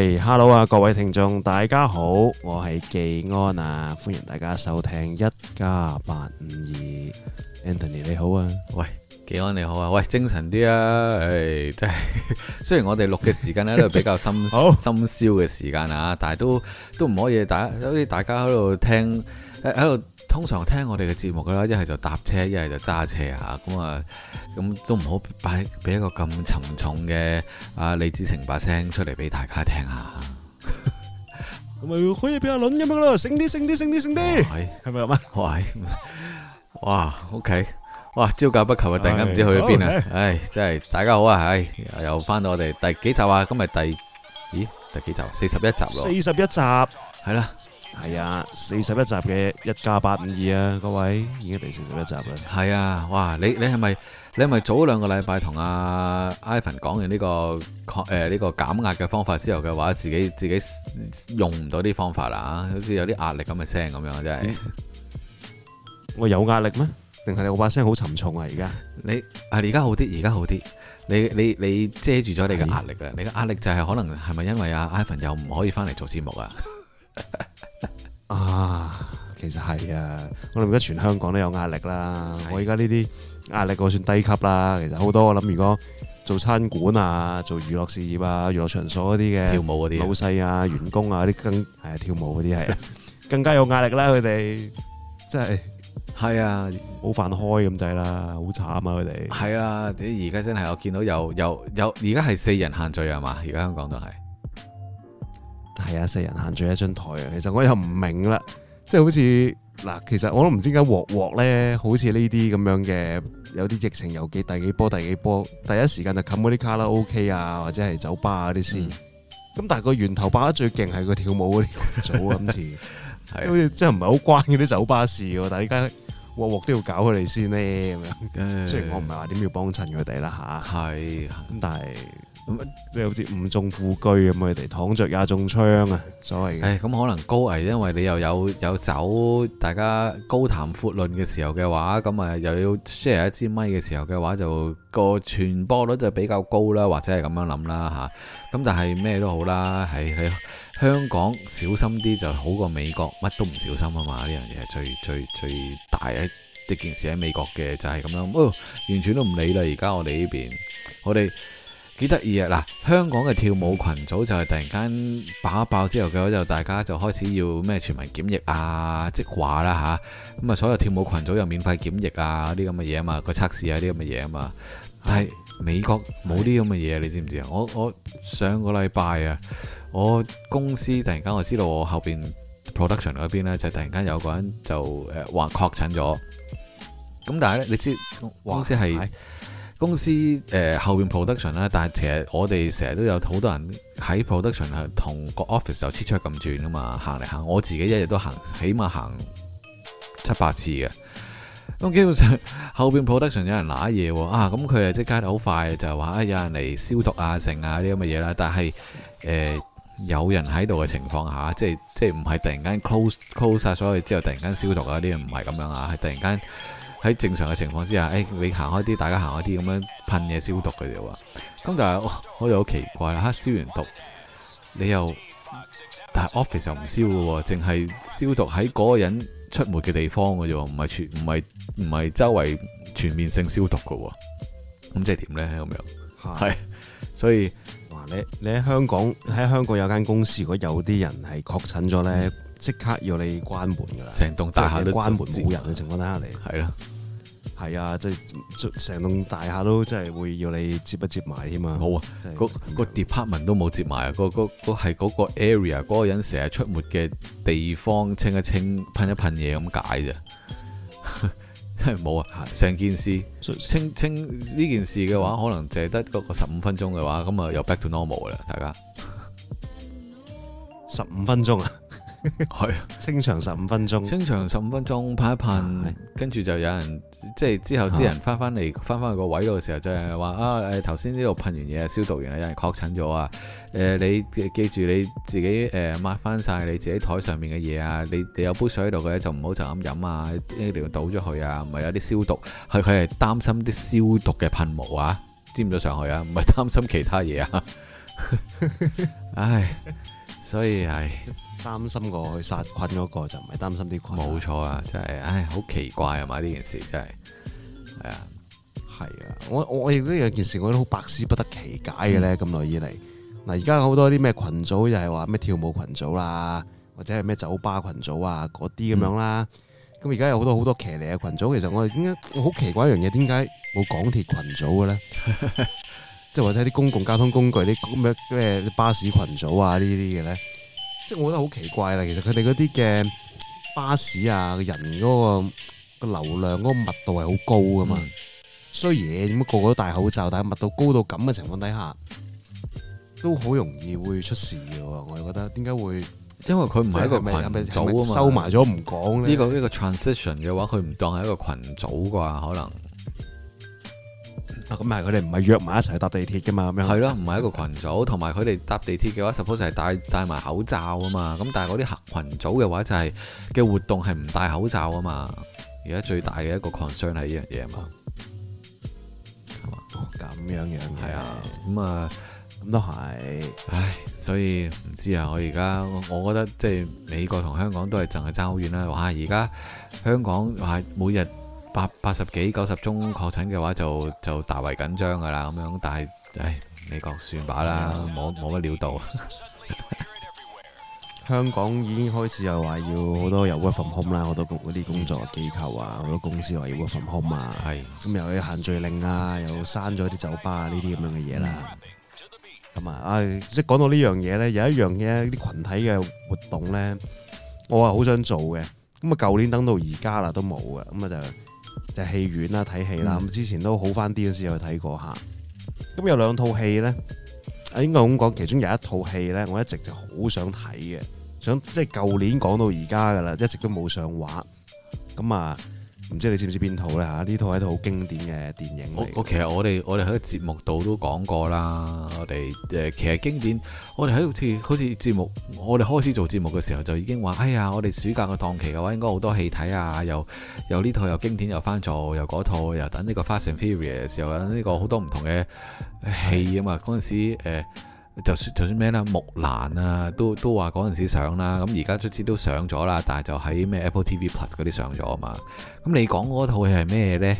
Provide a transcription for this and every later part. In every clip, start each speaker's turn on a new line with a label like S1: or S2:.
S1: h e l l o 啊，Hello，各位聽眾，大家好，我係紀安啊，
S2: 歡迎大家收聽一家八五二，Anthony 你好啊，喂，紀安你好啊，喂，精神啲啊，唉、哎，真係，雖然我哋錄嘅時間呢都係比較深， 好深宵嘅時間啊，但係都都唔可以大，大家好似大家喺度聽喺喺度。通常聽我哋嘅節目噶啦，一係就搭車，一係就揸車，就車啊！咁啊，咁都唔好擺俾一個咁沉重嘅阿李子成把聲出嚟俾大家聽下。
S1: 咁咪可以俾阿輪咁樣咯，醒啲，醒啲，醒啲，醒啲，係
S2: 咪啊？喂，哇，OK，哇，招架不及啊，突然間唔知去咗邊啊！唉，真係大家好啊！唉、哎，又翻到我哋第幾集啊？今日第，咦，第幾集？四十一集咯。
S1: 四十一集，係啦。
S2: 係啊，四十一集嘅一加八五二啊，各位，已經第四十一集啦。係啊，哇，你你係咪你係咪早兩個禮拜同阿 Ivan 講完呢個誒呃呢個減壓嘅方法之後嘅話，自己自己用唔到啲方法啦，啊，好似有啲壓力咁嘅聲咁樣，真係。我有壓力咩？定係你把聲好沉重啊？而家你係而家好啲，而家好啲。你你你遮住咗你嘅壓力啦，的你嘅壓力就係可能係咪因為阿 Ivan 又唔可以翻嚟做節目啊？ 啊，
S1: 其實係啊，我哋而家全香港都有壓力啦。的我而家呢啲壓力我算低級啦，其實好多我諗，如果做餐館啊、做娛樂事業啊、娛樂場所嗰啲嘅跳舞嗰啲老細啊、員工啊啲更係 跳舞嗰啲係更加有壓
S2: 力啦。佢哋 真係係的啊，冇飯開咁滯啦，好慘啊！佢哋係啊，而家真係我見到有有有，而家係四人限聚啊嘛，而家香港都係。係啊，四人行住一張台啊，其實我又唔明啦，即
S1: 係好似嗱，其實我都唔知點解鑊鑊咧，好似呢啲咁樣嘅有啲疫情又幾第幾波第幾波，第一時間就冚嗰啲卡拉 OK 啊，或者係酒吧嗰啲先。咁、嗯、但係個源頭爆得最勁係個跳舞嗰啲羣組啊，今 次係好似真係唔係好關嗰啲酒吧事喎，但係而家鑊鑊都要搞佢哋先呢。咁樣、嗯。雖然我唔係話點要幫襯佢哋啦嚇，係咁但係。即係 好似唔中富
S2: 居咁，佢哋躺着也中槍啊！所謂嘅，咁可能高危，因為你又有有走，大家高談闊論嘅時候嘅話，咁啊又要 share 一支咪嘅時候嘅話，就、個傳播率就比較高啦，或者係咁樣諗啦吓，咁但係咩都好啦，係喺香港小心啲就好過美國，乜都唔小心啊嘛！呢樣嘢係最最最大一啲件事喺美國嘅就係、是、咁樣、哦，完全都唔理啦！而家我哋呢邊，我哋幾得意啊！嗱，香港嘅跳舞群組就係突然間爆一爆之後嘅，就大家就開始要咩全民檢疫啊、即話啦吓，咁啊所有跳舞群組又免費檢疫啊啲咁嘅嘢啊嘛，個測試啊啲咁嘅嘢啊嘛，但係、哎、美國冇啲咁嘅嘢你知唔知啊？我我上個禮拜啊，我公司突然間我知道我後邊 production 嗰邊呢，就突然間有個人就誒話確診咗，咁、呃、但係呢，你知公司係。公司誒、呃、後邊 production 啦，但係其實我哋成日都有好多人喺 production 同個 office 就切出咁轉噶嘛，行嚟行，我自己一日都行，起碼行七八次嘅。咁基本上後邊 production 有人攋嘢喎，啊咁佢就即刻好快就話啊，有人嚟消毒啊、剩啊啲咁嘅嘢啦。但係誒、呃、有人喺度嘅情況下，即係即係唔係突然間 close close 晒所有之後突然間消毒啊啲唔係咁樣啊，係突然間。喺正常嘅情況之下，誒、哎、你行開啲，大家行開啲，咁樣噴嘢消毒嘅啫喎。咁但係我又好奇怪啦嚇，消完毒你又，但係 office 又唔消嘅喎，淨係消毒喺嗰個人出沒嘅地方嘅啫喎，唔係全唔係唔係周圍全面性消毒嘅喎。咁即係點咧咁樣呢？係的，所以哇，你你喺香
S1: 港喺香港有間公司，如果有啲人係確診咗呢。嗯即刻要你關門噶
S2: 啦，成棟大廈都關門，冇人
S1: 嘅情況底下嚟。係啦，係啊，即係
S2: 成棟大廈都即係會要你接不接埋添啊？好啊，個 department 都冇接埋啊，個個個係嗰個 area 嗰個人成日出沒嘅地方清一清，噴一噴嘢咁解啫， 真係冇啊！成的件事以清清呢件事嘅話，可能淨係得嗰個十五分鐘嘅話，咁啊又 back to normal 啦，大家十五分鐘啊！係啊，清場十五分鐘，清場十五分鐘噴一噴，的跟住就有人即係、就是、之後啲人翻翻嚟翻翻去個位度嘅時候就，就係話啊，誒頭先呢度噴完嘢消毒完啊，有人確診咗啊，誒、呃、你記住你自己誒、呃、抹翻晒你自己台上面嘅嘢啊，你你有杯水喺度嘅就唔好就咁飲啊，一定要倒咗佢啊，唔係有啲消毒，佢佢係擔心啲消毒嘅噴霧啊沾咗上去啊，唔係擔心其他嘢啊， 唉，所以係。擔心過去殺菌，嗰、那個就唔係擔心啲菌、啊。冇錯啊！真係，唉，好奇怪啊嘛！呢件事真係，
S1: 係啊，係啊！我我亦都有件事，我都好百思不得其解嘅咧。咁耐、嗯、以嚟，嗱而家好多啲咩群組就係話咩跳舞群組啦、啊，或者係咩酒吧群組啊，嗰啲咁樣啦。咁而家有好多好多騎呢嘅群組，其實我哋點解好奇怪一樣嘢？點解冇港鐵群組嘅咧？即係 或者啲公共交通工具啲咩咩巴士群組啊呢啲嘅咧？即係我覺得好奇怪啦，其實佢哋嗰啲嘅巴士啊，人嗰個個流量嗰個密度係好高噶嘛。嗯、雖然點解個個都戴口罩，但係密度高到咁嘅情況底下，都好容易會出事嘅。我覺得點解會？
S2: 因為佢唔係一個群組嘛。收埋咗唔講呢個呢個 transition 嘅話，佢唔當係一個群組啩、啊這個這個？可能。咁咪佢哋唔係約埋一齊搭地鐵嘅嘛？咁樣係咯，唔係一個群組。同埋佢哋搭地鐵嘅話，suppose 係戴戴埋口罩啊嘛。咁但係嗰啲合群組嘅話、就是，就係嘅活動係唔戴口罩啊嘛。而家最大嘅一個 concern 係呢樣嘢係嘛？咁、哦、樣、嗯呃、樣係啊。咁啊，咁都係。唉，所以唔知啊。我而家我，我覺得即係美國同香港都係淨係爭好遠啦。哇！而家香港話每日。八,八十幾九十宗確診嘅話就，就就大為緊張噶啦。咁樣，但係唉，美國算罷啦，冇冇乜料到。香港已經開始又話要好多有 work
S1: from home 啦，好多嗰啲工作、嗯、機構啊，好多公司話要 work from home 啊，係咁、嗯、又要限聚令啊，嗯、又閂咗啲酒吧呢啲咁樣嘅嘢啦。咁啊、嗯，啊、哎、即係講到呢樣嘢咧，有一樣嘢啲群體嘅活動咧，我係好想做嘅。咁啊，舊年等到而家啦都冇嘅，咁啊就。就戲院啦，睇戲啦，咁、嗯、之前都好翻啲嗰時去睇過吓。咁有兩套戲咧，應該咁講，其中有一套戲咧，我一直就好想睇嘅，想即係舊年講到而家㗎喇，一直都冇
S2: 上畫。咁啊～唔知你知唔知邊套啦吓？呢套喺一套好經典嘅電影。我，我其實我哋我哋喺個節目度都講過啦。我哋誒其實經典，我哋喺好似好似節目，我哋開始做節目嘅時候就已經話：哎呀，我哋暑假嘅檔期嘅話應該好多戲睇啊！又又呢套又經典，又翻做，又嗰套，又等呢個《Fast and Furious》，又等呢個好多唔同嘅戲啊嘛！嗰陣的時、誒就就算咩啦，木蘭啊，都都話嗰陣時上啦，咁而家出先都上咗啦，但係就喺咩 Apple TV Plus 嗰啲上咗啊嘛。咁你講嗰套戲係咩呢？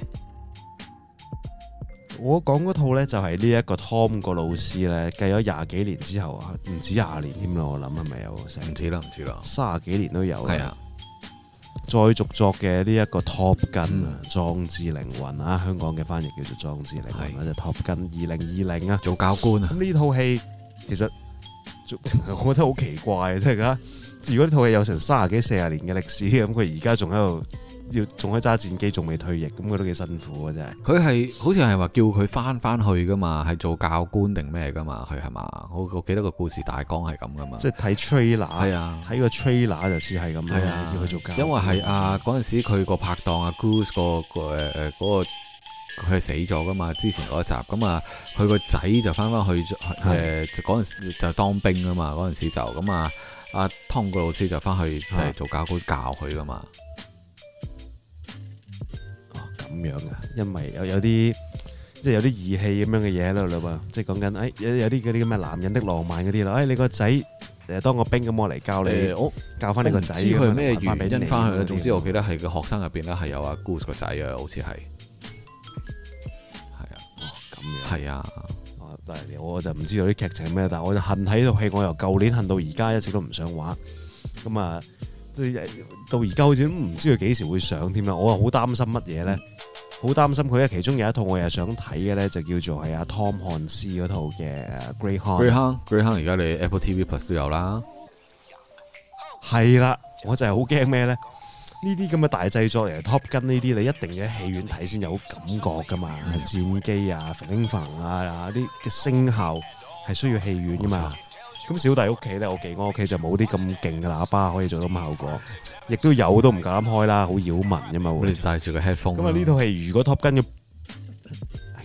S2: 我講嗰套呢，就係呢一個 Tom 個老師呢，計咗廿幾年之後
S1: 啊，唔止廿年添咯，我諗係咪有成？唔止啦，唔止啦，卅幾年都有啦。係啊的，再續作嘅呢一個 Top Gun 啊，壯志凌雲啊，香港嘅翻譯叫做壯志凌雲《壯志凌雲》，就 Top Gun 二零二零啊，做教官啊，呢套戲。其實我覺得好奇怪啊，即係而家如果呢套戲有成三十幾、四十年嘅歷史，咁佢而家仲喺度要仲喺揸戰機，仲未退役，咁佢都幾辛苦啊！真係，
S2: 佢係好似係話叫佢翻翻去噶嘛，係做教官定咩噶嘛？佢係嘛？我我記得個故事大綱係咁噶嘛？即係睇 trailer，係啊，睇個 trailer 就似係咁啊，要佢做教官。因為係啊，嗰陣時佢個拍檔啊 Goose 個誒個。那個那個佢係死咗噶嘛？之前嗰一集咁啊，佢個仔就翻翻去咗，誒嗎，嗰陣、呃、時就當兵噶嘛。嗰陣時就咁啊，阿湯嘅老師就翻去就係做教官教佢噶嘛。咁、哦、樣啊，因為有有啲
S1: 即係有啲義氣咁樣嘅嘢喺度啦，即係講緊誒有有啲嗰啲咁嘅男人的浪漫嗰啲咯。誒、哎，你個仔誒當個兵咁，我嚟教你、欸、教翻你個仔，唔知佢咩原因翻去咧。總之我
S2: 記得係個、嗯、學生入邊咧係有阿 Goo 嘅仔啊，好似係。係啊，但係我就唔知道啲劇情咩，但係我就恨睇
S1: 呢套戲，我由舊年恨到而家，一直都唔想玩。咁啊，即係到而家好似唔知佢幾時會上添啦。我又好擔心乜嘢咧？好擔心佢啊！其中有一套我又想睇嘅咧，就叫做係阿 Tom 漢斯嗰套嘅《Greyhound》。Greyhound，Greyhound 而家你 Apple TV Plus 都有啦。係啦，我就係好驚咩咧？呢啲咁嘅大製作嚟，Top Gun 呢啲你一定要喺戲院睇先有感覺噶嘛，戰機啊、飛鷹俠啊，啲嘅聲效係需要戲院噶嘛。咁小弟屋企咧，我幾安屋企就冇啲咁勁嘅喇叭可以做到咁嘅效果，亦都有都唔夠膽開啦，好擾民啊嘛，我哋戴住個 headphone。咁啊呢套戲如果 Top Gun 嘅。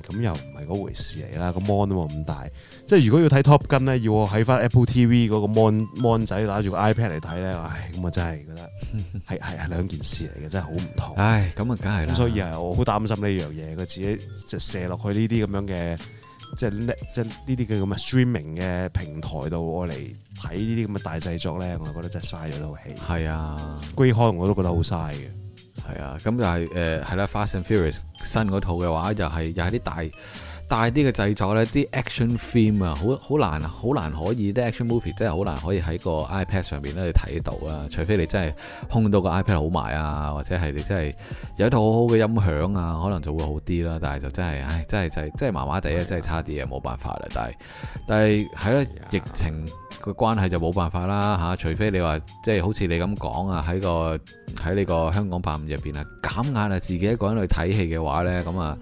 S1: 咁又唔係嗰回事嚟啦，個 mon 都冇咁大，即係如果要睇 Top Gun 咧，要我喺翻 Apple TV 嗰個 mon mon 仔攞住個 iPad 嚟睇咧，唉，咁我真係覺得係 係係兩件事嚟嘅，真係好唔同。唉，咁啊梗係啦，所以係我好擔心呢樣嘢，佢自己就射落去呢啲咁樣嘅即係即係呢啲嘅咁嘅 streaming 嘅平台度，
S2: 我嚟睇呢啲咁嘅大製作咧，我覺得真係嘥咗套戲。係啊，Greyhound 我都覺得好嘥嘅。係啊，咁就係誒係啦，呃啊《Fast and Furious》新嗰套嘅話，就係又係啲大。大啲嘅製作呢啲 action film 啊，好好難好難可以啲 action movie 真係好難可以喺個 iPad 上面咧睇到啊，除非你真係控到個 iPad 好埋啊，或者係你真係有一套好好嘅音響啊，可能就會好啲啦、啊。但係就真係，唉，真係就真係麻麻地啊，真係差啲啊，冇的辦法啦。但係但係係咧疫情嘅關係就冇辦法啦吓、啊，除非你話即係好似你咁講啊，喺個喺呢個香港拍入邊啊減壓啊，硬硬自己一個人去睇戲嘅話呢。咁啊。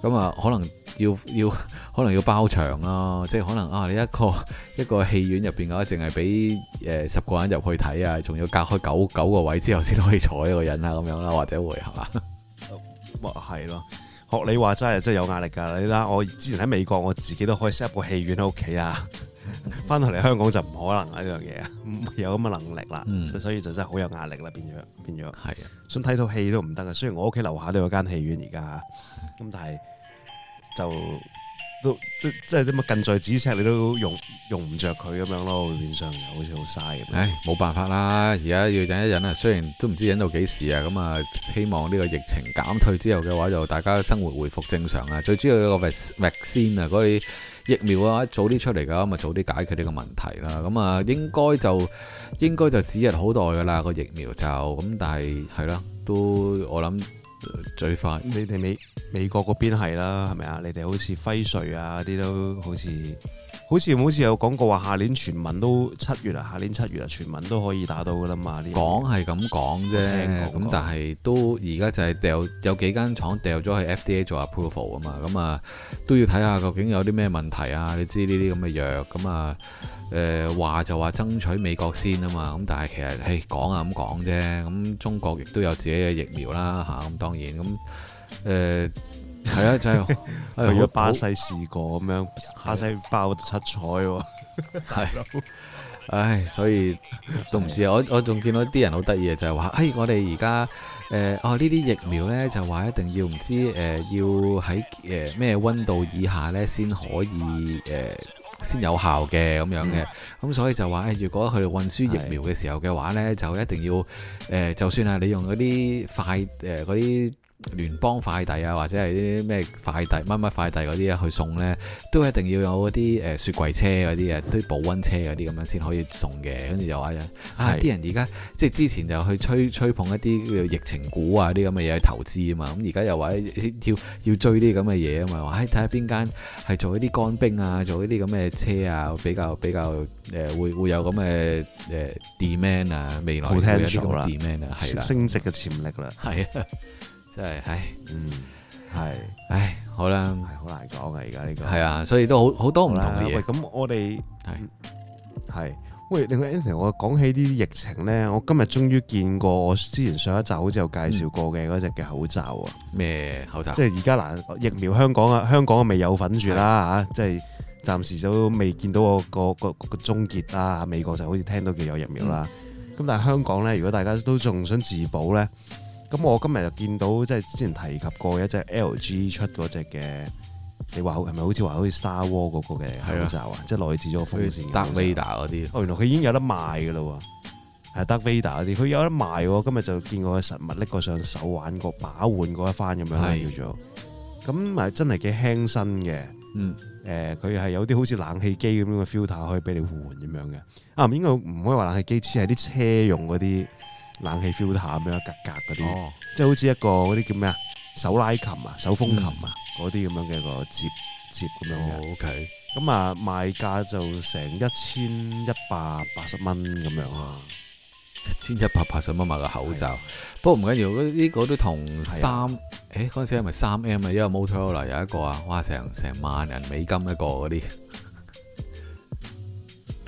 S2: 咁啊，可能要要，可能要包場啊，即係可能啊，你一個一個戲院入邊嘅話，淨係俾誒十個人入去睇啊，仲要隔開九九個位之後先可以坐一個人啊，咁樣啦，或者會係嘛？咁啊係咯，學你話齋啊，真
S1: 係有壓力噶。你睇下，我之前喺美國，我自己都可以 set 部戲院喺屋企啊，翻到嚟香港就唔可能啊，呢 樣嘢唔有咁嘅能力啦、嗯。所以就真係好有壓力啦，變咗變咗。係啊的，想睇套戲都唔得啊。雖然我屋企樓下都有間戲院而家。現在咁、嗯、但係就都即即係啲乜近在咫尺，你都用用唔着佢咁樣咯，面上嚟好似好嘥咁。唉，
S2: 冇辦法啦，而家要忍一忍啊。雖然都唔知忍到幾時啊，咁、嗯、啊，希望呢個疫情減退之後嘅話，就大家生活回復正常啊。最主要個 vaccine 先啊，嗰啲疫苗啊，早啲出嚟噶，咁啊早啲解決呢個問題啦。咁、嗯、啊、嗯，應該就應該就指日好待噶啦，個疫苗就咁、嗯。但係係啦，都我諗。最快你，你哋美美國嗰邊係啦，
S1: 係咪啊？你哋好似輝瑞啊，嗰啲都好似。好似唔好似有講過話，下年
S2: 全民都七月啊，下年七月啊，全民都可以打到噶啦嘛？講係咁講啫，咁但係都而家就係掉有幾間廠掉咗去 FDA 做下 approval 啊嘛，咁啊都要睇下究竟有啲咩問題啊。你知呢啲咁嘅藥，咁啊誒、呃、話就話爭取美國先啊嘛，咁但係其實誒講啊咁講啫，咁中國亦都有自己嘅疫苗啦吓，咁當然咁係啊，就係、是、 如果巴西試過咁樣，巴西爆七彩喎。係，唉，所以都唔知啊。我我仲見到啲人好得意嘅，就係、是、話：，唉、哎，我哋而家誒哦呢啲疫苗呢，就話一定要唔知誒、呃，要喺誒咩溫度以下呢先可以誒，先、呃、有效嘅咁樣嘅。咁、嗯、所以就話：，唉、哎，如果佢哋運輸疫苗嘅時候嘅話呢，的就一定要誒、呃，就算係你用嗰啲快誒嗰啲。呃聯邦快遞啊，或者係啲咩快遞乜乜快遞嗰啲啊，去送咧，都一定要有嗰啲誒雪櫃車嗰啲啊，都保温車嗰啲咁樣先可以送嘅。跟住又話啊，啲是人而家即係之前就去吹吹捧一啲叫疫情股啊啲咁嘅嘢，去投資啊嘛。咁而家又話要要追啲咁嘅嘢啊嘛。話睇下邊間係做一啲乾冰啊，做一啲咁嘅車啊，比較比較誒、呃、會會有咁嘅誒 demand 啊，未來嘅一 demand 係、啊、啦，啊、升值嘅潛力啦，係啊。真係，唉，嗯，係，唉，好啦吧，係好難講啊，而家呢個，係啊，所以都好好多唔同嘅嘢。咁我哋係
S1: 係，喂，另外 Anthony 我講是、嗯、起呢啲疫情咧，我今日終於見過我之前上一集好似有介紹過嘅嗰隻嘅口罩啊，咩口罩？嗯、口罩即係而家嗱，疫苗香港啊，香港未有份住啦嚇，啊、即係暫時就未見到、個、個、個、個終結啦。美國就好似聽到叫有疫苗啦，咁、嗯、但係香港咧，如果大家都仲想自保咧。咁我今日就見到，即係之前提及過一隻 LG 出嗰隻嘅，你話係咪好似話好似 Star War 嗰個嘅口罩啊？的即係內置咗個風扇嘅。德維達嗰啲。哦，原來佢已經有得賣嘅啦喎，係德維達嗰啲，佢有得賣喎。今日就見到我實物拎過上手玩過把玩過一番咁樣啦，叫做的。咁咪真係幾輕身嘅。嗯。佢係、呃、有啲好似冷氣機咁嘅 filter 可以俾你換咁樣嘅。啊，應該唔可以話冷氣機似係啲車用嗰啲。冷氣 filter 咁樣格格嗰啲，哦、即係好似一個嗰啲叫咩啊？手拉琴啊，手風琴啊，嗰啲咁樣嘅一個接咁、嗯、樣嘅。OK，咁啊，賣價就成一千
S2: 一百八十蚊咁樣啊，一千一百八十蚊買個口罩。的不過唔緊要，呢、這個都同三誒嗰陣時係咪三 M 啊？一個 Motorola 有一個啊，哇，成成萬人美金一個嗰啲。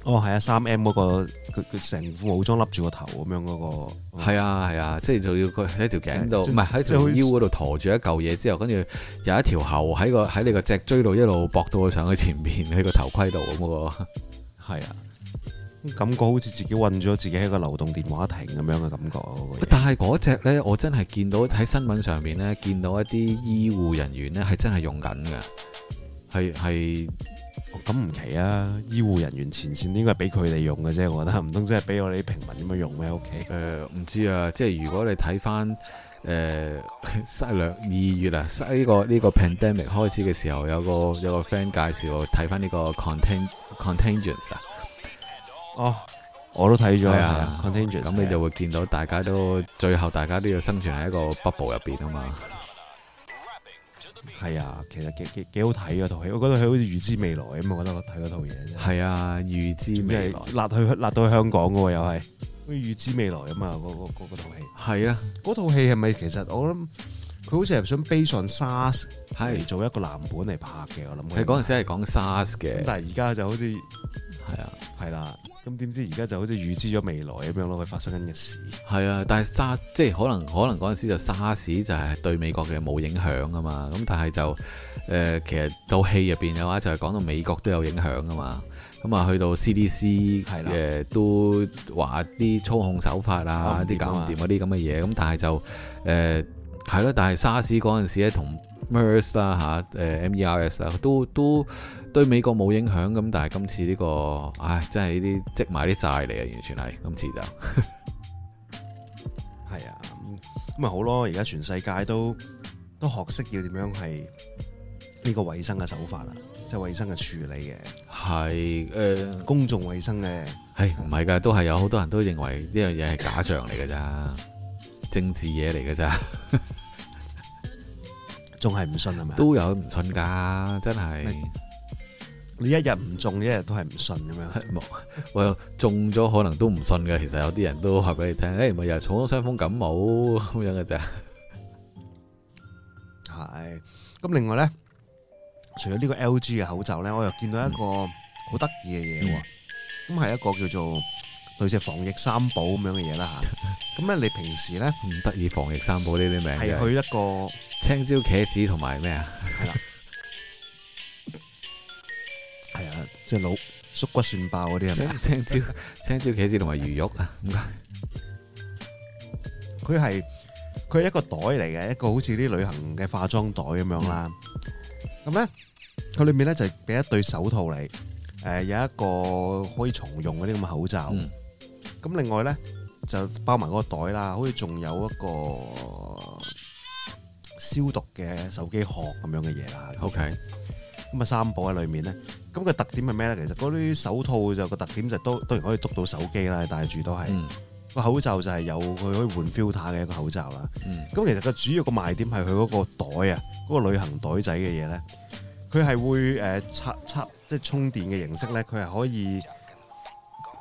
S2: 哦，係啊，三 M 嗰、那個，佢佢成副武裝笠住個頭咁樣嗰個，係啊係啊，即係、啊、就要佢喺條頸度，唔係喺條腰嗰度馱住一嚿嘢，之後，跟住有一條喉喺個喺你個脊椎度一路駁到上去前面，喺個頭盔度咁、那個，
S1: 係啊，
S2: 感覺好似自己困咗，自己喺個流動電話亭咁樣嘅感覺。那個、但係嗰隻呢，我真係見到喺新聞上面呢，見到一啲醫護人員呢，係真係用緊嘅，係係。是咁唔奇啊！醫護人員前線應該係俾佢哋用嘅啫，我覺得唔通真係俾我哋啲平民點樣用咩？OK？誒唔知啊，即係如果你睇翻誒失兩二月啊，失呢個呢個 pandemic 開始嘅時候，有個有個 friend 介紹睇翻呢個 contingent contingents 啊。 哦，我都睇咗。係啊 contingent，咁你就會見到大家都最後大家都要生存喺一個 bubble 入邊啊嘛。係啊，其
S1: 實幾幾幾好睇嗰套戲，我覺得佢好似預知未來咁，我覺得我睇嗰套嘢。係啊，預知未來，辣去辣到去香港嘅喎，又係，預知未來啊嘛！嗰套戲。係啊，嗰套戲係咪，其實我諗佢好似係想 base on SARS 係做一個藍本嚟拍嘅？我諗佢嗰陣時係講 SARS 嘅，但係而家就好似。係啊，
S2: 係啦、啊，咁點知而家就好似預知咗未來咁樣咯，佢發生緊嘅事。係啊，但係沙即係可能可能，嗰陣時就沙士就係對美國嘅冇影響㗎嘛，咁但係就誒、呃，其實到戲入邊嘅話就係講到美國都有影響㗎嘛，咁啊去到 CDC 係啦，誒都話啲操控手法啊，啲、啊、搞唔掂嗰啲咁嘅嘢，咁但係就誒係咯，但係沙士嗰陣時咧同。MERS 啦嚇，誒 MERS 啦，都都對美國冇影響咁，但係今次呢個，唉，真係呢啲積埋啲債嚟啊，完全係今次就
S1: 係啊，咁咪好咯？而家全世界都都學識要點樣係呢個衞生嘅手法啦，即係衞生嘅處理嘅。
S2: 係誒，呃、公眾衞生呢係唔係㗎？都係有好多人都認為呢樣嘢係假象嚟㗎咋，政治嘢嚟㗎咋。呵呵仲係唔信係咪？都有唔信噶，真係。你一日唔中，一日都係唔信咁樣。冇， 我中咗可能都唔信嘅。其實有啲人都話俾你聽，誒、 欸，咪又係重咗傷風感冒咁樣嘅咋？係。 咁另外咧，
S1: 除咗呢個 LG 嘅口罩咧，我又見到一個好得意嘅嘢。咁係、嗯、一個叫做類似防疫三寶咁樣嘅嘢啦吓。咁咧，你平時咧
S2: 唔得意防疫三寶呢啲名？係去一個。青椒茄子同埋咩啊？係啦，係啊，即係老縮骨蒜爆嗰啲係咪啊？青椒青椒茄子同埋魚肉啊？唔該，佢
S1: 係佢係一個袋嚟嘅，一個好似啲旅行嘅化妝袋咁樣啦。咁咧，佢裏面咧就俾一對手套嚟，誒，有一個可以重用嗰啲咁嘅口罩。咁另外咧就包埋個袋啦，好似仲有一個。消毒嘅手機殼咁樣嘅嘢啦，OK，咁啊三寶喺裏面咧，咁、那個特點係咩咧？其實嗰啲手套就個特點就都當然可以篤到手機啦，你戴住都係個、嗯、口罩就係有佢可以換 filter 嘅一個口罩啦。咁其實個主要個賣點係佢嗰個袋啊，嗰、那個旅行袋仔嘅嘢咧，佢係會誒、呃、插插即係充電嘅形式咧，佢係可以。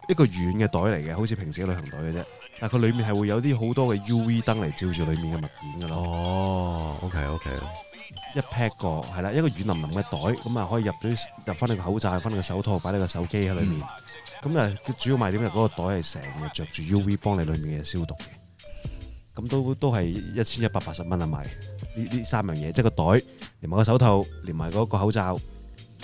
S1: 一個軟嘅袋嚟嘅，好似平時嘅旅行袋嘅啫，但係佢裏面係會有啲好多嘅 UV 燈嚟照住裏面嘅物件噶咯。哦，OK OK，一 pack 過係啦，一個軟腍腍嘅袋，咁啊可以入咗入翻你個口罩，翻你個手套，擺你個手機喺裏面。咁啊，主要賣點就嗰個袋係成日着住 UV 幫你裏面嘅嘢消毒嘅。咁都都係一千一百八十蚊啊賣呢呢三樣嘢，即係個袋連埋個手套，連埋嗰個口罩。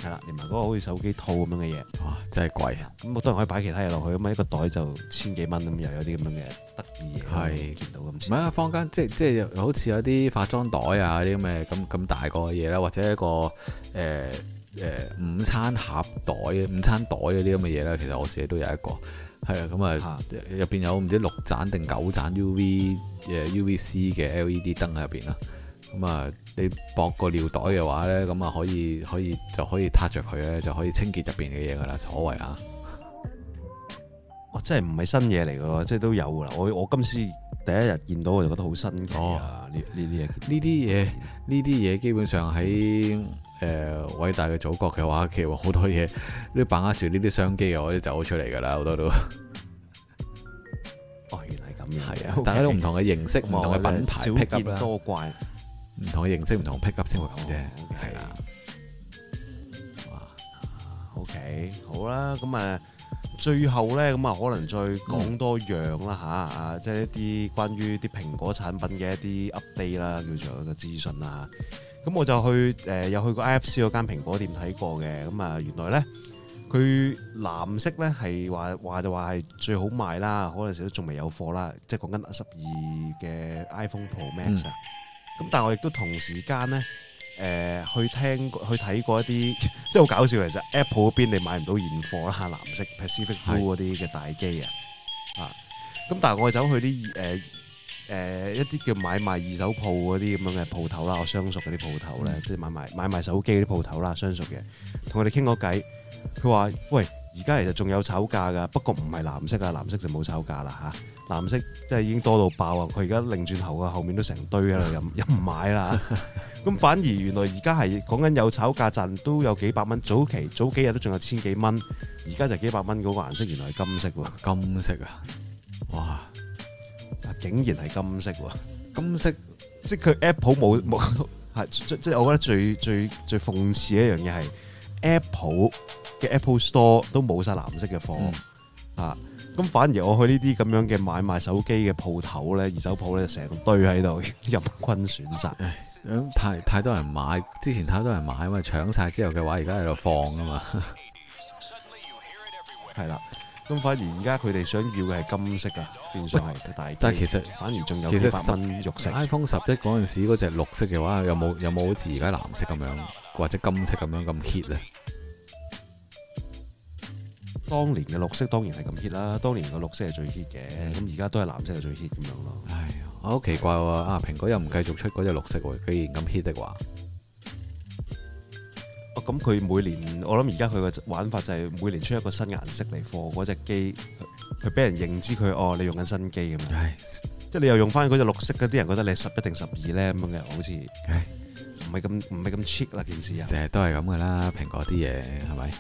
S1: 係啦，連埋嗰個好似手機套咁樣嘅嘢，哇！真係貴啊！咁我當然
S2: 可以擺其他嘢落去，咁啊一個袋就千幾蚊咁，又有啲咁樣嘅得意嘢見到咁樣。唔係啊，坊間即即係好似有啲化妝袋啊啲咁嘅咁咁大個嘢啦，或者一個誒誒、呃呃、午餐盒袋、午餐袋嗰啲咁嘅嘢啦，其實我自己都有一個，係啊，咁啊入邊有唔知六盞定九盞 U V 誒 U V C 嘅 L E D 燈喺入邊啦，咁啊～你駁個尿袋嘅話咧，咁啊可以可以就可以擦着佢咧，就可以清潔入邊嘅嘢噶啦，所謂啊！哇，真係唔係新嘢嚟噶咯，即係都有噶啦。我我今次第一日見到我就覺得好新奇啊！呢呢啲嘢，呢啲嘢基本上喺誒、嗯呃、偉大嘅祖國嘅話，其實好多嘢都把握住呢啲商機啊，可以走出嚟噶啦，好多都。哦，原來咁樣，係啊，okay 但係呢種唔同嘅形式、唔、嗯、同嘅品牌，多怪。唔同嘅認識，唔同 pick up 先會咁啫，係
S1: 啦、oh, okay。哇，OK，好啦，咁啊，最後咧，咁啊，可能再講多樣啦，吓、嗯，啊，即係一啲關於啲蘋果產品嘅一啲 update 啦，叫做一個資訊啦，吓。咁我就去誒、呃，有去過 IFC 嗰間蘋果店睇過嘅，咁啊，原來咧佢藍色咧係話話就話係最好賣啦，可能時都仲未有貨啦，即係講緊十二嘅 iPhone Pro Max 啊、嗯。咁但係我亦都同時間咧、呃，去聽去睇過一啲，即係好搞笑其實 Apple 嗰邊你買唔到現貨啦，藍色 Pacific Blue 嗰啲嘅大機是啊，咁但係我走去啲一啲、呃呃、叫買賣二手鋪嗰啲咁樣嘅鋪頭啦，我相熟嗰啲鋪頭咧，即係、嗯、買賣買賣手機啲鋪頭啦，相熟嘅，同佢哋傾咗偈，佢話：喂，而家其實仲有炒價噶，不過唔係藍色啊，藍色就冇炒價啦嚇。藍色即係已經多到爆啊！佢而家擰轉頭，啊，後面都成堆啊！ 又又唔買啦，咁反而原來而家係講緊有炒價賺都有幾百蚊，早期早幾日都仲有千幾蚊，而家就幾百蚊嗰個顏色原來係金色喎！金色啊！哇！竟然係金色喎！金色即係佢 Apple 冇冇係即係我覺得最最最諷刺一樣嘢係 Apple 嘅 Apple Store 都冇晒藍色嘅貨、嗯、啊！咁反而我去呢啲咁樣嘅買賣手機嘅鋪頭呢，二手鋪呢，
S2: 成堆喺度，任君選擇。嗯、太太多人買，之前太多人買啊嘛，搶晒之後嘅話，而家喺度放啊嘛。係啦，
S1: 咁反而而家佢哋想要嘅係金色噶，變咗。但係但係其實反而仲有肉食，其實新
S2: 肉色 iPhone 十一嗰陣時嗰隻綠色嘅話，有冇有冇好似而家藍色咁樣，或者金色咁樣咁 hit 啊？當年嘅綠色當然係咁 hit 啦，當年嘅綠色係最 hit 嘅，咁而家都係藍色係最 hit 咁樣咯。係，好奇怪喎，吧啊蘋果又唔繼續出嗰隻綠色喎，居然咁 hit 的話，
S1: 咁佢，哦，每年，我諗而家佢嘅玩法就係每年出一個新顏色嚟貨嗰隻機，佢俾對人認知佢哦，你用緊新機咁樣，係對，即係你又用翻嗰隻綠色，嗰啲人覺得你十一定十二咧，咁樣嘅，好似，係對，唔係咁唔係咁 cheap 啦件事啊，成日
S2: 都係咁噶啦，蘋果啲嘢係咪？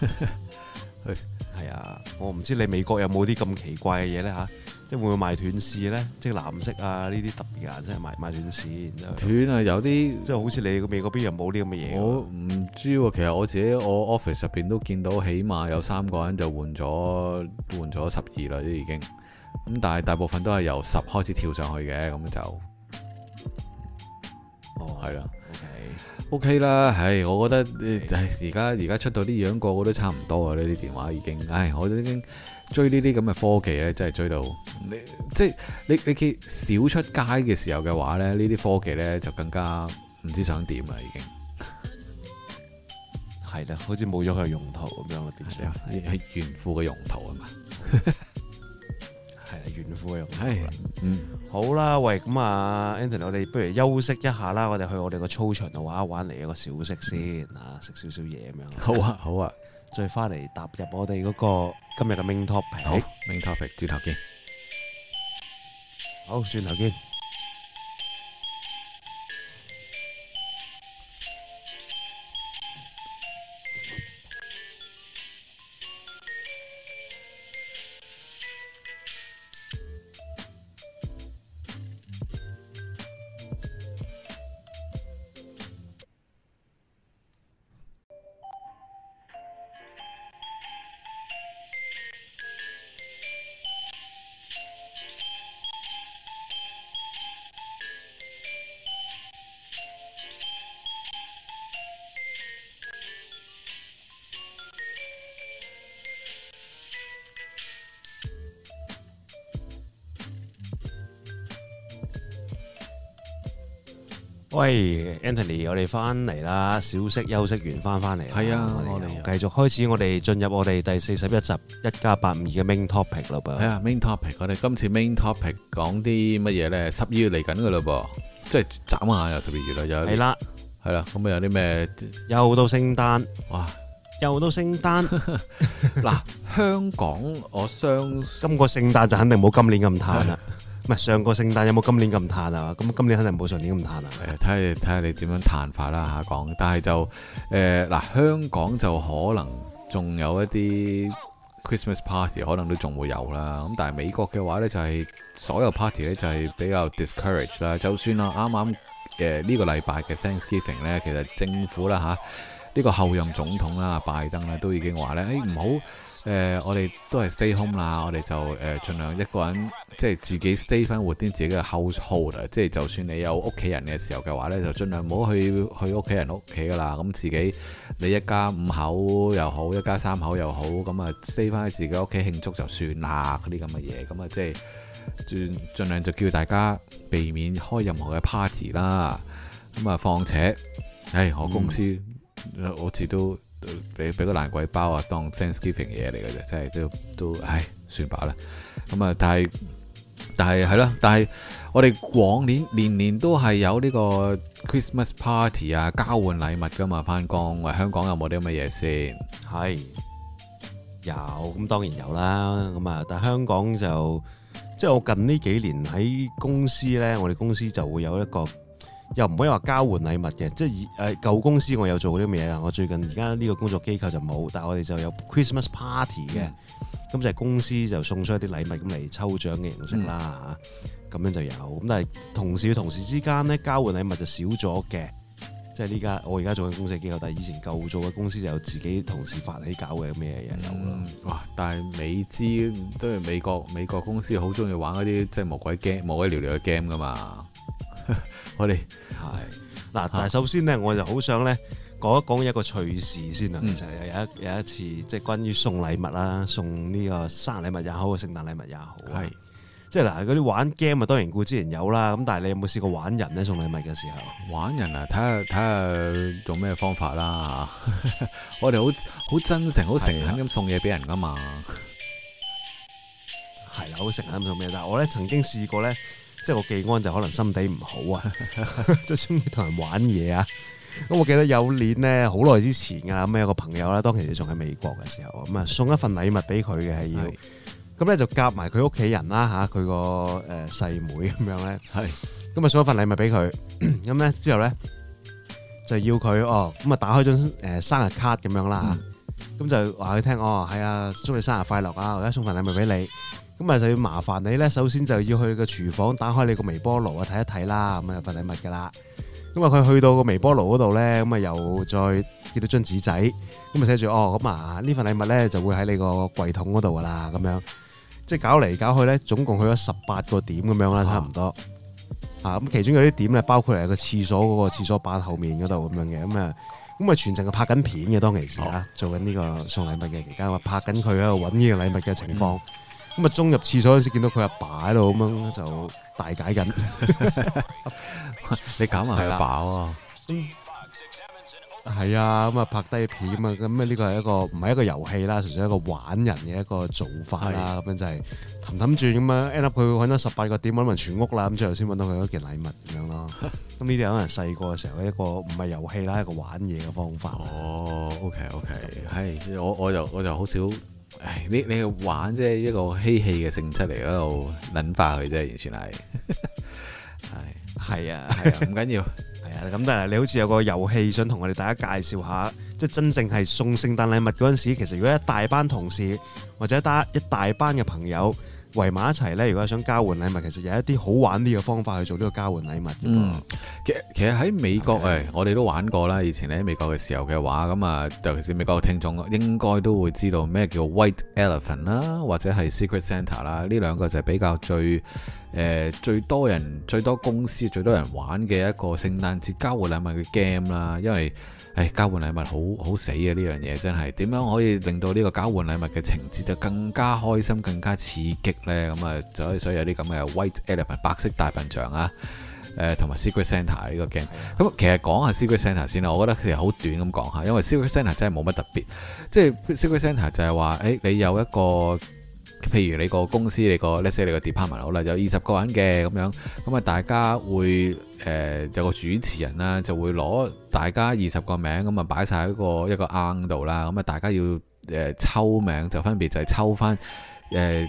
S2: 是吧
S1: 係、哎、啊，我唔知你美國有冇啲咁奇怪嘅嘢呢？嚇、啊，即係會唔會賣斷線呢？即係藍色啊呢啲特別顏、啊、色賣賣斷線，斷
S2: 啊了以有啲即係好似你個美國邊又冇啲咁嘅嘢。我唔知喎，其實我自己我 office 入邊都見到，起碼有三個人就換咗換咗十二啦都已經，咁但係大部分都係由十開始跳上去嘅，咁就哦係啦。O K 啦，係、okay，我覺得唉，而家而家出到啲樣，個個都差唔多啊！呢啲電話已經，唉，我都已經追呢啲咁嘅科技咧，真係追到你，即係你你少出街嘅時候嘅話咧，呢啲科技咧就更加唔知想點啦，已經係啦，好似冇咗佢用途咁樣咯，變咗係係炫富嘅用
S1: 途啊嘛～ 炫富嘅樣，嗯，好啦，喂，咁啊，Anthony，我哋不如休息一下啦，我哋去我哋個操場度玩一玩嚟一個小息先嚇，食少少嘢咁樣。好，好啊，好啊，再翻嚟踏入我哋嗰個今日嘅 main topic，main topic，轉頭見。好，轉頭見。喂，Anthony，我哋翻嚟啦，小息休息完翻翻嚟，係啊，我哋繼續開始我哋進入我哋第四十一集一加
S2: 八五二嘅 main topic 啦噃，係啊，main topic，我哋今次 main topic 講啲乜嘢咧？十二月嚟緊噶啦噃，即係眨下又十二月啦有，係啦，係啦，咁啊有啲咩？又到聖誕，哇，又到聖誕，嗱，香
S1: 港我相，今個聖誕就肯定冇今年咁嘆啦。上個聖誕有冇今年
S2: 咁嘆啊？咁今年肯定冇上年咁嘆啊！睇下睇下你點樣嘆法啦嚇講，但係就誒，嗱、呃、香港就可能仲有一啲 Christmas party 可能都仲會有啦。咁但係美國嘅話呢，就係、是、所有 party 呢，就係比較 discourage 啦。就算啦啱啱誒，呢個禮拜嘅 Thanksgiving 呢，其實政府啦嚇。啊呢個候任總統啦、啊，拜登咧、啊，都已經話咧，誒、哎、唔好誒、呃，我哋都係 stay home 啦。我哋就誒盡、呃、量一個人即係自己 stay 翻活啲自己嘅 household，即係就算你有屋企人嘅時候嘅話呢，就盡量唔好去去屋企人屋企噶啦。咁自己你一家五口又好，一家三口又好，咁啊 stay 翻喺自己屋企慶祝就算啦。嗰啲咁嘅嘢，咁啊即係盡盡量就叫大家避免開任何嘅 party 啦。咁啊，況且誒，我公司。嗯我好似都俾俾個爛鬼包啊，當 Thanksgiving 嘢嚟嘅啫，真係都都唉，算罷啦。咁啊，但係但係係咯，但係我哋往年年年都係有呢個 Christmas party 啊，交換禮物噶嘛。翻工，誒，香港有冇啲咁嘅嘢先？係有，咁當然
S1: 有啦。咁啊，但係香港就即係我近呢幾年喺公司咧，我哋公司就會有一個。又唔可以話交換禮物嘅，即係誒舊公司我有做過啲咩嘢啊？我最近而家呢個工作機構就冇，但係我哋就有 Christmas party 嘅，咁、嗯、就係公司就送出一啲禮物咁嚟抽獎嘅形式啦嚇。咁、嗯、樣就有，咁但係同事與同事之間呢，交換禮物就少咗嘅。即係呢間我而家做緊公司機
S2: 構，但係以前舊做嘅公司就有自己同事發起搞嘅咁嘅嘢有啦。哇！但係美資都係美國美國公司好鍾意玩嗰啲即係魔鬼 game 魔鬼聊聊嘅 game 噶嘛。我哋係嗱，但係首先咧，啊、我就好想咧
S1: 講一講一個趣事先啊。嗯、其實有一有一次，即係關於送禮物啦，送呢個生日禮物也好，聖誕禮物也好，係是即係嗱，嗰啲玩 game 當然固然有啦。
S2: 咁但係你有冇試過玩人咧？送禮物嘅時候，玩人啊，睇下睇下做咩方法啦。 我哋好好真誠，好誠懇咁送嘢俾人噶嘛，係啦，好誠懇咁送嘢。但係我咧曾經試過咧。即係我忌安
S1: 就可能心地唔好啊， 就中意同人玩嘢啊。咁我記得有年咧，好耐之前㗎啦，咁有個朋友啦，當其時仲喺美國嘅時候，咁啊送一份禮物俾佢嘅係要。咁咧是就夾埋佢屋企人啦吓，佢、個誒細、呃、妹咁樣咧。係是。咁啊送一份禮物俾佢，咁咧之後咧就要佢哦，咁啊打開張誒生日卡咁樣啦嚇。咁、嗯、就話佢聽哦，係啊，祝你生日快樂啊，我而家送份禮物俾你。咁啊就要麻煩你咧，首先就要去個廚房打開你個微波爐啊，睇一睇啦，咁啊有份禮物噶啦。咁啊佢去到個微波爐嗰度咧，咁啊又再攞到張紙仔，咁啊寫住哦，咁啊呢份禮物咧就會喺你個櫃桶嗰度噶啦，咁樣即係搞嚟搞去咧，總共去咗十八個點咁樣啦，差唔多嚇。咁、啊、其中有啲點咧，包括係個廁所嗰、嗰個廁所板後面嗰度咁樣嘅。咁啊咁啊全程係拍緊片嘅當其時啊，做緊呢個送禮物嘅期間拍緊佢喺度揾呢個禮物嘅情況。嗯咁啊，衝入廁所嗰時見到佢阿爸喺度，咁樣就大解緊。 你搞埋佢阿爸
S2: 喎
S1: 了。係啊，咁、嗯、啊拍低片啊，咁咩呢個係一個唔係一個遊戲啦，純粹一個玩人嘅一個做法啦。咁樣是就係氹氹轉咁啊，end up 佢揾到十八個點，揾埋全屋啦。咁最後先揾到佢一件禮物咁樣咯。咁呢啲可能細個嘅時候一個唔係遊戲啦，一個玩嘢嘅方
S2: 法。哦、oh，OK OK，係 Yeah. 我我就我就好少。唉，你你去玩即係一個嬉戲嘅性質嚟，嗰度諗化佢啫，完全係，係 係啊，係啊，唔緊 要，係 啊，咁但係你好似有個遊戲想同我哋大家介
S1: 紹下，即係真正係送聖誕禮物嗰陣時，其實如果一大班同事或者大家一大班嘅朋友。圍埋一齊呢，如果係想交換禮物，其實有一啲好玩啲嘅方法去做呢個交換禮物。嗯，
S2: 其實其實喺美國誒，是是我哋都玩過啦。以前咧喺美國嘅時候嘅話，咁啊，尤其是美國嘅聽眾應該都會知道咩叫 White Elephant 啦，或者係 Secret Santa 啦。呢兩個就係比較最誒、呃、最多人、最多公司、最多人玩嘅一個聖誕節交換禮物嘅 game 啦，因為，誒、哎，交換禮物好好死呀，呢樣嘢真係點樣可以令到呢個交換禮物嘅情節就更加開心、更加刺激呢？咁啊，所以所以有啲咁嘅 White Elephant 白色大笨象啊，呃、同埋 Secret Santa 呢個 game。咁其實講下 Secret Santa 先啦，我覺得其實好短咁講下，因為 Secret Santa 真係冇乜特別，即係 Secret Santa 就係話，誒、哎、你有一個。譬如你個公司，你個，let's say 你個 department 好啦，有二十個人嘅咁樣，咁啊大家會誒、呃、有個主持人啦，就會攞大家二十個名，咁啊擺晒喺一個 box 度啦，咁啊大家要、呃、抽名就分別就係抽翻誒、呃、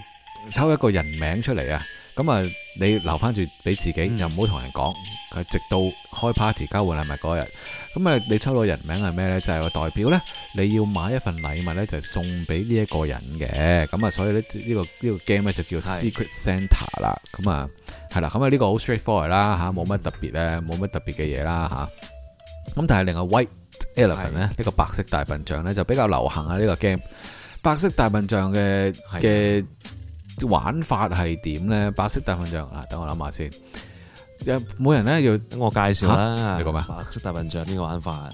S2: 抽一個人名出嚟啊。咁啊，你留翻住俾自己，嗯、又唔好同人講。佢直到開 party 交換禮物嗰日，咁啊，你抽到人名係咩呢？就係、是、個代表呢，你要買一份禮物呢，就係、是、送俾呢一個人嘅。咁、這個這個、的啊，所以呢呢個呢個 game 呢，就叫 Secret Santa 啦。咁啊，係啦，咁啊呢個好 straightforward 啦，吓，冇乜特別呢，冇乜特別嘅嘢啦，吓。咁但係另外 White Elephant 呢，呢的個白色大笨象呢，就比較流行啊！呢、這個 game，白色大笨象嘅嘅。玩法係點咧？白色大笨象啊！等我諗下先。每人咧要，等我介紹啦。你講咩？白色大笨象呢個玩法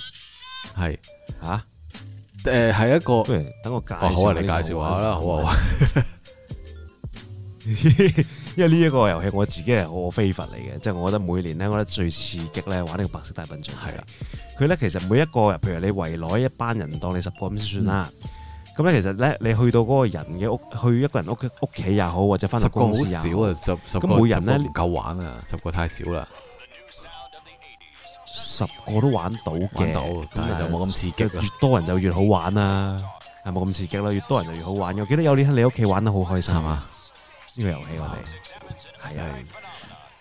S2: 係
S1: 吓？誒是，係蛤、呃、一個等我介紹、哦。好啊，你介紹下啦，好啊。好啊好啊 因為呢一個遊戲我自己係我非佛嚟嘅，即、就、係、是、我覺得每年咧，我覺得最刺激咧玩呢個白色大笨象係啦。佢咧是其實每一個，譬如你圍內一班人，當你十個咁先算啦。嗯咁咧，其實咧，你去到嗰個人嘅屋，去一個人屋屋
S2: 企又好，或者翻到公司又好，十個好少啊，十十個唔夠玩啊，十個太少啦，
S1: 十個都玩到玩到，但係就冇咁刺激啦，越多人就越好玩啦，啊，係冇咁刺激啦，越多人就越好玩，啊。我記得有年喺你屋企玩得好開心啊，係吧，呢個遊戲我哋係啊，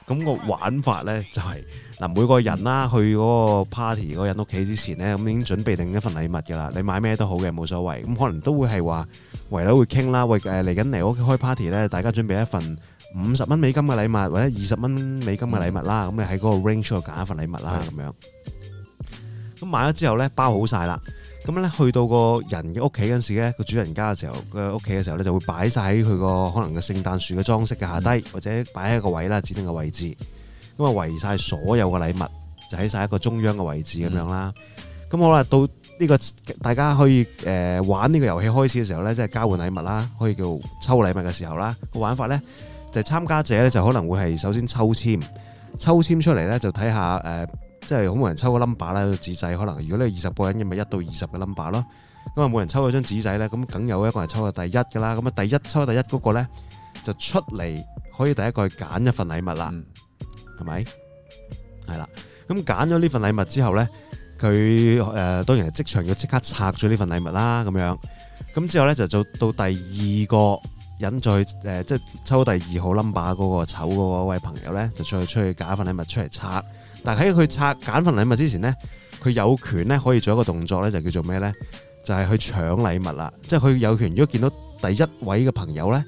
S1: 咁個玩法咧就係。嗱，每個人啦，去嗰個 party 嗰人屋企之前呢，咁已經準備定一份禮物㗎啦。你買咩都好嘅，冇所謂。咁可能都會係話，圍咗會傾啦。喂，誒嚟緊嚟屋企開 party 咧，大家準備一份五十蚊美金嘅禮物，或者二十蚊美金嘅禮物啦。咁你喺嗰個 range 度揀一份禮物啦，咁、嗯、樣。咁買咗之後呢，包好晒啦。咁呢，去到個人嘅屋企嗰陣時咧，個主人家嘅時候，佢屋企嘅時候呢，就會擺晒喺佢個可能嘅聖誕樹嘅裝飾嘅下低，或者擺喺一個位啦，指定嘅位置。咁啊，圍晒所有嘅禮物就喺晒一個中央嘅位置咁樣啦。咁、嗯、好啦，到呢、呢個大家可以誒、呃、玩呢個遊戲開始嘅時候呢，即係交換禮物啦，可以叫抽禮物嘅時候啦。個玩法呢，就係、係、參加者呢，就可能會係首先抽籤，抽籤出嚟呢，就睇下誒，即係好冇人抽個 number 啦，一個紙仔。可能如果你二十個人嘅咪一到二十個 number 咯。咁啊，冇人抽咗張紙仔呢，咁梗有一個人抽咗第一噶啦。咁啊，第一抽到第一嗰個呢就出嚟可以第一個去揀一份禮物啦。嗯係咪？係啦，咁揀咗呢份禮物之後呢，佢誒、呃，當然係即場要即刻拆咗呢份禮物啦，咁樣。咁之後呢，就做到第二個引再誒，即、呃、係、就是、抽第二號 number 嗰個丑嗰位朋友呢，就再出去揀份禮物出嚟拆。但喺佢拆揀份禮物之前呢，佢有權呢可以做一個動作呢，就叫做咩呢？就係、是、去搶禮物啦。即係佢有權，如果見到第一位嘅朋友呢，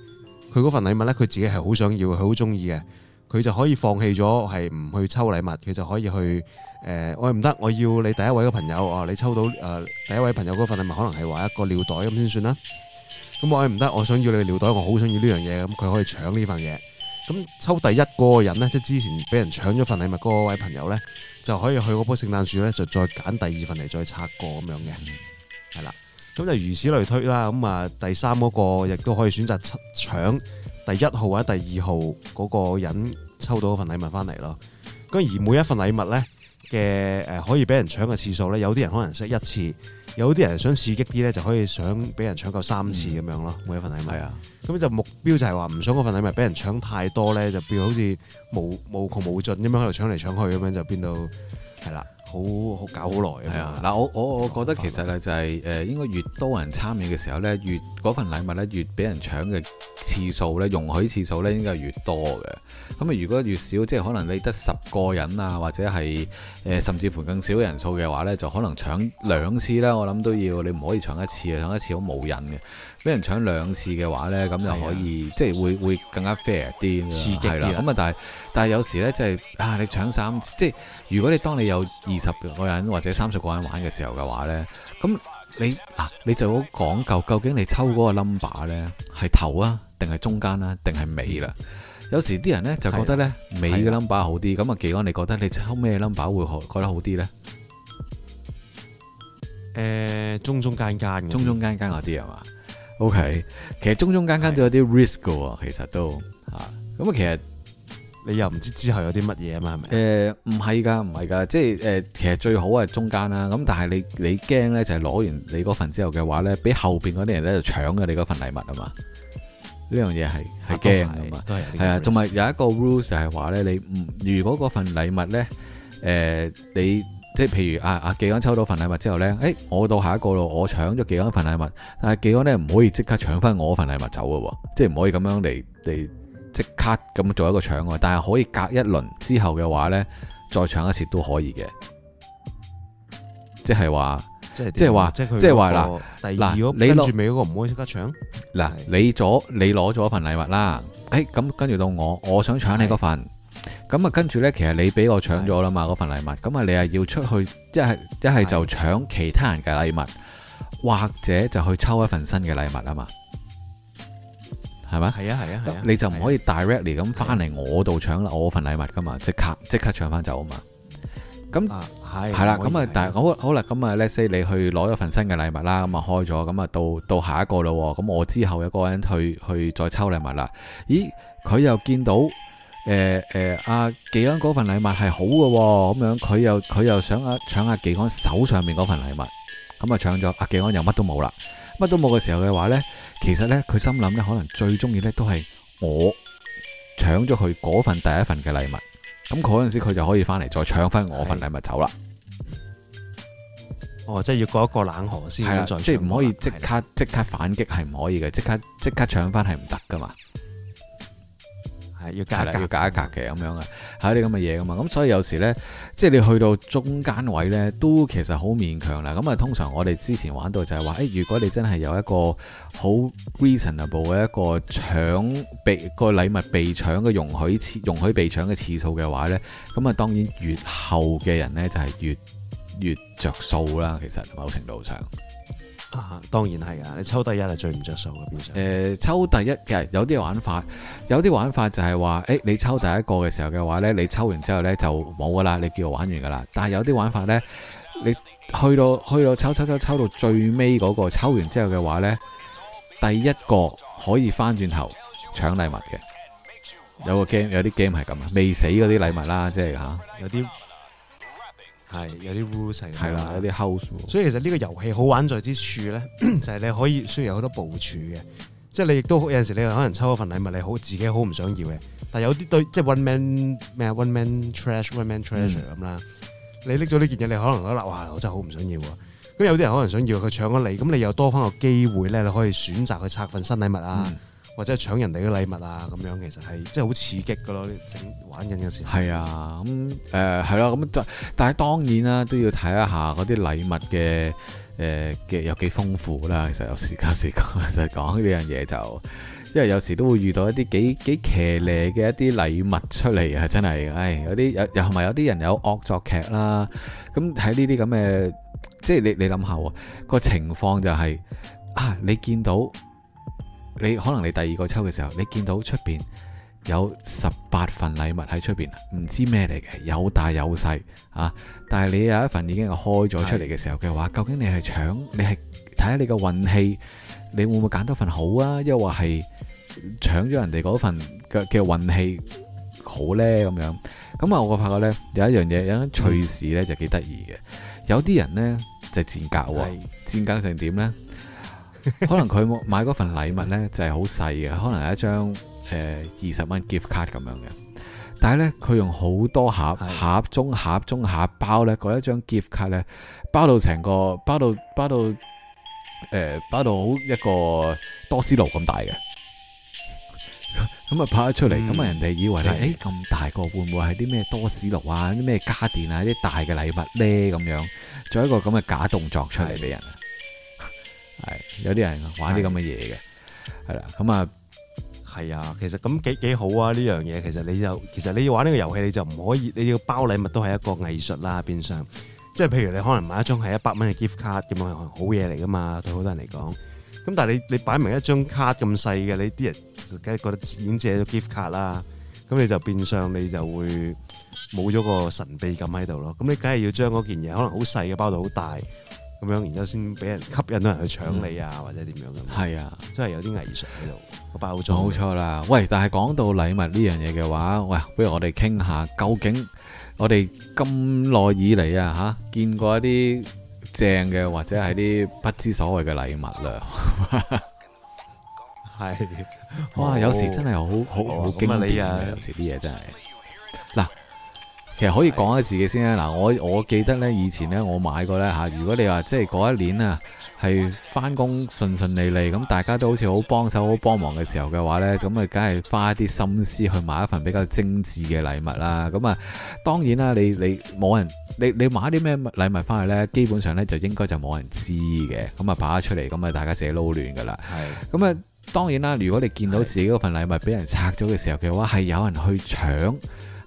S1: 佢嗰份禮物呢，佢自己係好想要，佢好中意嘅。佢就可以放棄咗，係唔去抽禮物，佢就可以去誒、欸，我唔得，我要你第一位嘅朋友啊！你抽到誒、呃、第一位朋友嗰份禮物，可能係話一個尿袋咁先算啦。咁我誒唔得，我想要你嘅尿袋，我好想要呢樣嘢。咁佢可以搶呢份嘢。咁抽第一嗰個人呢，即係之前俾人搶咗份禮物嗰位朋友呢，就可以去嗰棵聖誕樹呢，就再揀第二份嚟再拆過咁樣嘅。係啦，咁就如此類推啦。咁啊，第三嗰個亦都可以選擇搶。第一號或者第二號嗰個人抽到嗰份禮物翻嚟咯，咁而每一份禮物呢嘅可以俾人搶嘅次數呢，有啲人可能識一次，有啲人想刺激啲呢，就可以想俾人搶夠三次咁樣咯。嗯、每一份禮物，咁、啊、就目標就係話唔想嗰份禮物俾人搶太多呢，就變好似無無窮無盡
S2: 咁樣喺度搶嚟搶去咁樣就變到係啦，好好搞好耐啊！係啊，嗱，我我我覺得其實咧就係誒，應該越多人參與嘅時候呢，越嗰份禮物呢，越俾人搶嘅次數呢，容許次數呢，應該係越多嘅。咁啊，如果越少，即係可能你得十個人啊，或者係誒甚至乎更少人數嘅話呢，就可能搶兩次呢。我諗都要，你唔可以搶一次，搶一次好冇癮嘅。俾人搶兩次嘅話呢，咁就可以的即係會會更加 fair 啲，刺激啲。咁啊、嗯，但係但係有時呢，即係啊，你搶三次，即係如果你當你有二十個人或者三十個人玩嘅時候嘅話呢，咁你嗱、啊，你就要講究究竟你抽嗰個 number 呢，係頭啊，定係中間啊？定係尾啦。有時啲人呢，就覺得呢的尾嘅 number 好啲，咁啊的，幾安？你覺得你抽咩 number 會好覺得好啲呢？誒，中中間間，中中間間嗰啲係嘛？O.K. 其實中中間間都有啲 risk 嘅，其實都嚇咁啊！其實你又唔知之後有啲乜嘢啊嘛，係咪？誒唔係㗎，唔係㗎，即係誒、呃、其實最好係中間啦。咁但係你你驚咧，就係、是、攞完你嗰份之後嘅話咧，俾後邊嗰啲人咧就搶啊你嗰份禮物啊嘛。呢樣嘢係係驚㗎嘛，係啊，仲係有一個 rules 係、就、話、是、咧，你唔如果嗰份禮物咧誒、呃、你。即係譬如啊啊，記安抽到份禮物之後呢，誒，我到下一個咯，我搶咗記安份禮物，但係記安呢，唔可以即刻搶翻我份禮物走嘅喎，即係唔可以咁樣嚟嚟即刻咁做一個搶啊，但係可以隔一輪之後嘅話呢，再搶一次都可以嘅，即係話，即係即係話，即係話嗱，第二嗰跟住尾
S1: 嗰個唔啦可以即刻搶
S2: 嗱，你咗的你攞咗份禮物啦，誒，咁跟住到我，我想搶你嗰份。係咁啊，跟住呢，其實你俾我搶咗啦嘛，嗰份禮物。咁啊，你係要出去，一係一係就搶其他人嘅禮物，或者就去抽一份新嘅禮物啊嘛，係咪？係啊，係啊，係啊！你就唔可以 directly 咁翻嚟我度搶啦，我份禮物噶嘛，即刻即刻搶翻走啊嘛。咁係，係啦。咁啊，但係好好啦，咁啊，let’s say 你去攞一份新嘅禮物啦，咁啊開咗，咁啊到到下一個啦。咁我之後有個人去去再抽禮物啦。咦，佢又見到。誒誒，啊紀安嗰份禮物係好嘅哦，咁樣佢又佢又想啊搶阿紀安手上面嗰份禮物，咁啊搶咗阿紀安又乜都冇啦，乜都冇嘅時候嘅話呢，其實呢，佢心諗呢，可能最中意呢都係我搶咗佢嗰份第一份嘅禮物，咁嗰陣時佢就可以翻嚟再搶翻我份禮物走啦。哦，即係要過一個冷河先，係啦，即係唔可以即刻即刻反擊係唔可以嘅，即刻即刻搶翻係唔得噶嘛。要隔一隔，要隔一隔嘅，咁樣啊，係啲咁嘅嘢噶嘛。咁所以有時呢，即係你去到中間位呢，都其實好勉強啦。咁啊，通常我哋之前玩到就係話，哎，如果你真係有一個好 reasonable 嘅一個搶被個禮物被搶嘅容許次容許被搶嘅次數嘅話呢，咁啊，當然越後嘅人呢，就係、是、越越著數啦。其實某程度上。啊，當然係啊！你抽第一係最唔着數嘅，邊上。誒，抽第一其實有啲玩法，有啲玩法就係話，誒、欸，你抽第一個嘅時候嘅話呢，你抽完之後呢就冇噶啦，你叫我玩完噶啦。但係有啲玩法呢，你去到去到抽抽抽抽到最尾嗰個，抽完之後嘅話呢，第一個可以翻轉頭搶禮物嘅。有個 game 有啲 game 係咁啊，未死嗰啲禮物啦，即係吓有啲。係有啲烏係啦，有啲 h o u s e s，所以其實呢
S1: 個遊戲好玩在之處咧，就係、是、你可以需要有好多部署嘅，即、就、係、是、你亦都有陣時你可能抽一份禮物你好自己好唔想要嘅，但係有啲堆即係 one man 咩啊 one man trash one man treasure 咁啦、嗯。你拎咗呢件嘢，你可能覺得：哇「話我真係好唔想要啊。咁有啲人可能想要，佢搶咗你，咁你又多翻個機會咧，你可以選擇去拆份新禮物啊。嗯或
S2: 者搶人哋嘅禮物啊，咁樣其實係即係好刺激噶咯！整玩緊嘅時候係啊，咁誒係咯，咁、啊、但係當然啦，都要睇一下嗰啲禮物嘅誒嘅有幾豐富啦。其實有時家時講呢樣嘢，這就因為有時都會遇到一啲幾幾騎呢嘅一啲禮物出嚟啊！真係，唉、哎，有啲又又咪有啲人有惡作劇啦。咁喺呢啲咁嘅，即係你你諗下、啊，那個情況就係、是、啊，你見到。你可能你第二個抽嘅時候，你見到出邊有十八份禮物喺出邊，唔知咩嚟嘅，有大有細啊！但係你有一份已經開咗出嚟嘅時候嘅話，是究竟你係搶，你係睇下你嘅運氣，你會唔會揀多份好啊？又或係搶咗人哋嗰份嘅嘅運氣好呢？咁樣咁啊，我發覺呢，有一樣嘢有啲趣事呢，就幾得意嘅，有啲人呢，就賤格喎，賤是格成點呢？ 可能佢買嗰份禮物呢，就係好細嘅，可能係一張誒二十蚊 gift 卡咁樣嘅，但係呢，佢用好多盒盒中盒中盒包呢，嗰一張 gift 卡呢，包到成個包到包到誒、呃、包到好一個多士爐咁大嘅，咁 啊拍咗出嚟，咁啊、嗯、人哋以為呢的誒咁大個會唔會係啲咩多士爐啊啲咩家電啊啲大嘅禮物呢？」咁樣，做一個咁嘅假動作出嚟俾人。係有啲人玩啲咁嘅嘢嘅，係啦的，咁啊，
S1: 係啊，其實咁幾幾好啊呢樣嘢，其實你就其實你要玩呢個遊戲，你就唔可以你要包禮物都係一個藝術啦，變相，即係譬如你可能買一張係一百蚊嘅 gift 卡咁樣，好嘢嚟噶嘛，對好多人嚟講，咁但係你你擺明一張卡咁細嘅，你啲人梗係覺得已經借咗 gift 卡啦，咁你就變相你就會冇咗個神秘感喺度咯，咁你梗係要將嗰件嘢可能好細嘅包到好大。咁樣，然之後先俾人吸
S2: 引到人去搶你、嗯、
S1: 啊，或者點樣咁？
S2: 係啊，
S1: 真係有啲藝術喺度，個包裝冇錯
S2: 啦。喂，但係講到禮物呢樣嘢嘅話，喂，不如我哋傾下，究竟我哋咁耐以嚟啊吓，見過一啲正嘅，或者係啲不知所謂嘅禮物啊？係，是哇！哦、有時真係好好好經典、哦哦、你啊，有時啲嘢真係。其實可以講下自己先啦。嗱，我我記得呢，以前呢，我買過呢。如果你話即係嗰一年啊，係翻工順順利利，咁大家都好似好幫手、好幫忙嘅時候嘅話呢，咁啊，梗係花一啲心思去買一份比較精緻嘅禮物啦。咁啊，當然啦，你你冇人，你你買啲咩禮物翻去呢？基本上呢，就應該就冇人知嘅。咁啊，擺咗出嚟，咁啊，大家自己撈亂噶啦。咁啊，當然啦，如果你見到自己嗰份禮物俾人拆咗嘅時候嘅話，係有人去搶。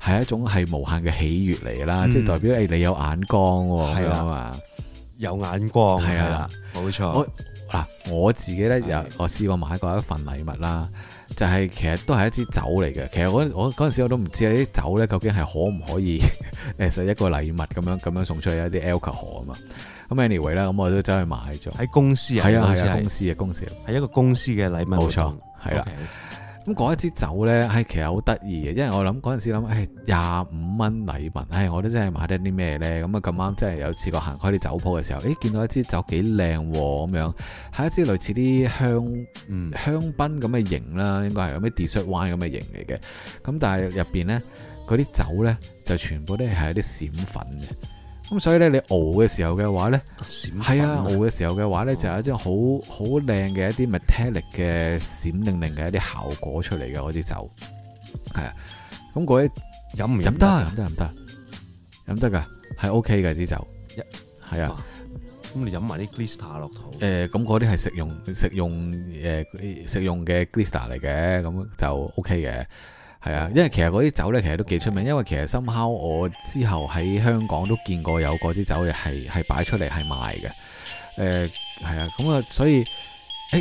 S2: 係一種係無限嘅喜悅嚟啦，即係代表你有眼光咁啊嘛，有眼光係啦，冇錯。我嗱我自己咧，又我試過買過一份禮物啦，就係其實都係一支酒嚟嘅。其實我嗰陣時我都唔知啲酒咧究竟係可唔可以誒，實一個禮物咁樣咁樣送出去，一啲 alcohol 啊嘛。咁 anyway 啦，咁我都走去買咗。喺公司啊，係啊係啊，公司嘅公司，係一個公司嘅禮物，冇錯，係啦。咁嗰一支酒呢，誒其實好得意嘅，因為我諗嗰陣時諗，誒廿五蚊禮物，唉、哎，我都真係買得啲咩呢？咁啊咁啱，真係有次過行開啲酒鋪嘅時候，誒、哎、見到一支酒幾靚喎，咁樣係一支類似啲香嗯香檳咁嘅型啦，應該係有咩 dessert wine 咁嘅型嚟嘅。咁但係入邊呢，嗰啲酒呢，就全部都係有啲閃粉嘅。咁所以咧，你熬嘅時候嘅話咧，係啊，熬嘅時候嘅話咧，就有一張好好靚嘅一啲 metallic 嘅閃靈靈嘅一啲效果出嚟嘅嗰啲酒，係啊，咁嗰啲飲唔飲得？飲得唔得？飲得㗎，係 OK 嘅啲酒，係一啊，咁你飲埋啲 glister 落肚。誒、呃，咁嗰啲係食用食用誒食用嘅 glister 嚟嘅，咁就 OK 嘅。係啊，因為其實嗰啲酒呢，其實都幾出名。因為其實深烤，我之後喺香港都見過有嗰啲酒嘅係係擺出嚟係賣嘅。誒、呃，係啊，咁、嗯、啊，所以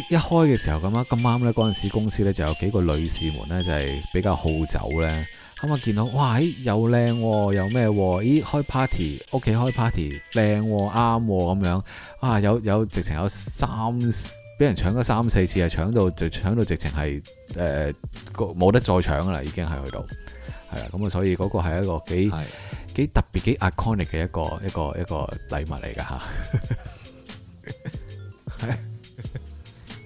S2: 一開嘅時候咁啊咁啱呢嗰陣時公司呢，就有幾個女士們呢，就係、是、比較好酒呢。咁、嗯、啊見到哇，誒又靚喎，又咩喎、啊？咦、啊，開 party 屋、OK，企開 party 喎、啊，啱咁、啊、樣啊，有有直情有三。俾人搶咗三四次啊！搶到就搶到直，直情係誒個冇得再搶噶啦，已經係去到係啦。咁啊，所以嗰個係一個幾幾的特別幾 iconic 嘅一個一個一個禮物嚟噶嚇。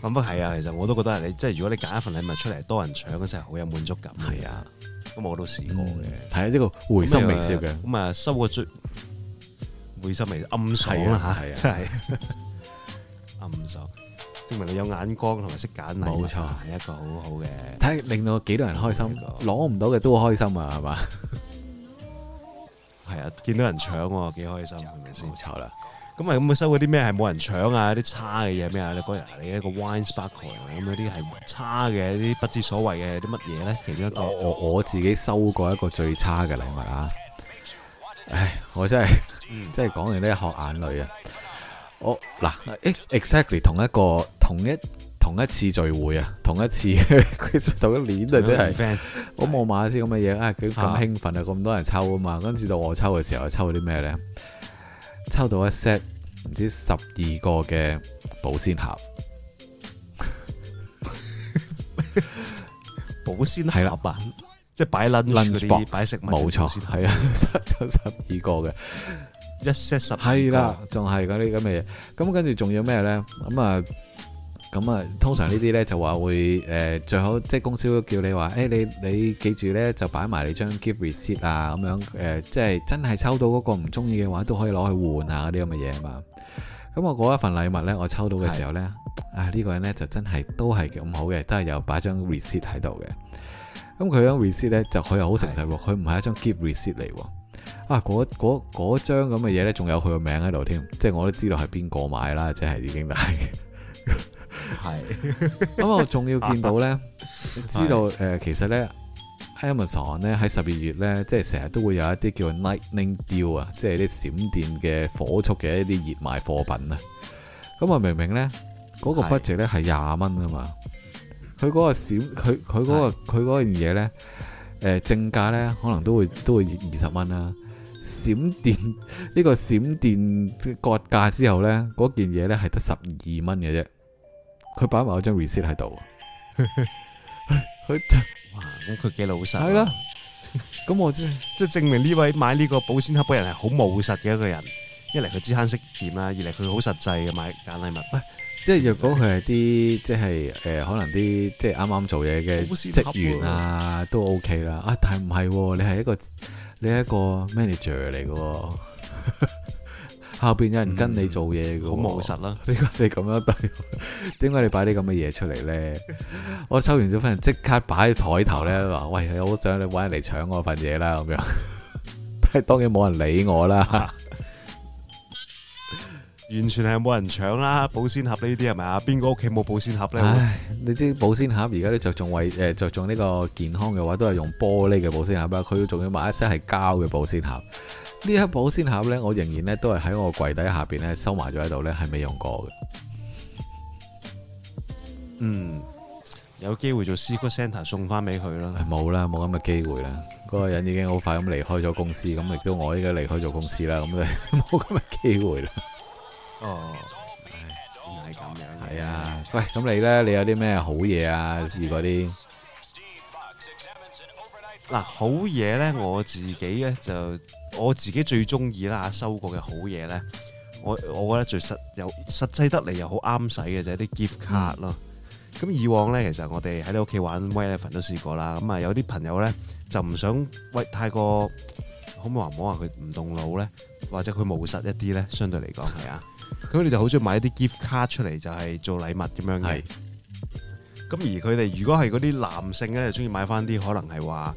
S2: 咁冇係啊，其實我都覺得係你，即係如果你揀一份禮物
S1: 出嚟，多人搶嘅時候好有滿足感。係啊的，咁我都試過
S2: 嘅。係啊，呢個會心微笑嘅。
S1: 咁啊，收個最會心微笑暗爽啦嚇，真係暗爽。明你有眼光同埋識揀禮物，冇錯錯，一個好好嘅，
S2: 睇令到幾多，多人開心，攞唔到嘅都開心啊，係嘛？
S1: 係啊，見到人搶喎幾開心，係咪先？冇錯啦。咁啊，咁有冇收過啲咩？係冇人搶啊，啲差嘅嘢咩啊？你嗰日你一個 wine sparkle 咁嗰啲係差嘅，啲不
S2: 知所謂嘅啲乜嘢咧？其中一個，我、oh, 我自己收過一個最差嘅禮物啊！唉，我真係、嗯、真係講完呢一殼眼淚啊！哦，嗱 exactly 同一個同一同一次聚會啊，同一次同一年一、哎、啊，真係我冇買啲咁嘅嘢啊，佢咁興奮啊，咁多人抽啊嘛，跟住到我抽嘅時候，抽咗啲咩咧？抽到一 set 唔知十二個嘅保鮮盒， 保鮮盒吧，了即係擺卵嗰啲擺食物冇錯，係啊錯，有十二個嘅。一 set 是的是些十係啦，仲係嗰啲咁嘅嘢，咁跟住仲要咩呢？咁啊，咁啊，通常呢啲呢就話會誒、呃、最好，即係公司都叫你話，誒、哎、你你記住呢，就擺埋你張 gift receipt 啊，咁樣誒，即、呃、係、就是、真係抽到嗰個唔中意嘅話，都可以攞去換啊，嗰啲咁嘅嘢啊嘛。咁我嗰一份禮物呢，我抽到嘅時候呢，是的 啊呢、這個人呢就真係都係咁好嘅，都係有擺張 receipt 喺度嘅。咁佢張 receipt 咧就佢又好誠實，佢唔係一張 gift receipt 嚟。啊，嗰嗰嗰張咁嘅嘢呢，仲有佢個名喺度添，即係我都知道係邊個買啦，即係已經係是
S1: 的。 係咁我仲要見到咧，知道
S2: 誒是的、呃，其實呢 Amazon 呢喺十二月呢，即係成日都會有一啲叫做 Lightning Deal 啊，即係啲閃電嘅火速嘅一啲熱賣貨品啊。咁啊，明明呢，嗰、嗰個 budget 呢係廿蚊啊嘛，佢嗰個閃，佢佢嗰個佢嗰樣嘢呢。誒正價咧，可能都會都會二十蚊啦。閃電呢、呢個閃電割價之後咧，嗰件嘢咧係得十二蚊嘅啫。佢擺埋嗰張 receipt 喺度。佢 哇！咁佢幾老實。係啦。咁我真係即係證明呢位
S1: 買呢個保鮮盒嘅人係好務實嘅一個人。
S2: 一嚟佢知慳
S1: 識儉啦，二嚟佢好實際嘅買揀禮物。哎
S2: 即係若果佢係啲即係誒，可能啲即係啱啱做嘢嘅職員啊，都 OK 啦。啊，但係唔係，你係一個你係一個 manager 嚟嘅、哦， 後邊有人跟你做嘢嘅、哦，好磨實啦。點解你咁樣對？點解你擺啲咁嘅嘢出嚟咧？ 我收完咗份，即刻擺喺台頭咧，話喂，你好想你揾人嚟搶我份嘢啦咁樣， 但係當然冇人理我啦。啊完全係冇人搶啦，保鮮盒，盒呢啲係咪啊？邊個屋企冇保鮮盒咧？你知保鮮盒而家都着重為誒着、呃、重呢個健康嘅話，都係用玻璃嘅保鮮盒啦。佢仲要買一些係膠嘅保鮮盒。呢一保鮮盒呢，我仍然呢都係喺我櫃底下邊咧收埋咗喺度呢係未用過嘅。嗯，有機會做 Secret Santa 送翻俾佢啦。係冇啦，冇咁嘅機會啦。嗰、那個人已經好快咁離開咗公司，咁亦都我依家離開咗公司啦，咁就冇咁嘅機會啦。哦，原來係咁樣。係啊，喂，咁你咧，你有啲咩好嘢啊？試過啲嗱，好嘢咧，我自己咧就
S1: 我自己最中意啦。收過嘅好嘢咧，我我覺得最實有實際得嚟又好啱使嘅就係啲 gift card 咯。咁以往咧，其實我哋喺你屋企玩《White Elephant》都試過啦。咁啊，有啲朋友咧就唔想喂太過。可唔可以話唔好話佢唔動腦咧，或者佢務實一啲咧？相對嚟講係啊，咁你就好中意買一啲 gift 卡出嚟，就係做禮物咁樣嘅。咁是而佢哋如果係嗰啲男性咧，就中意買翻啲可能係話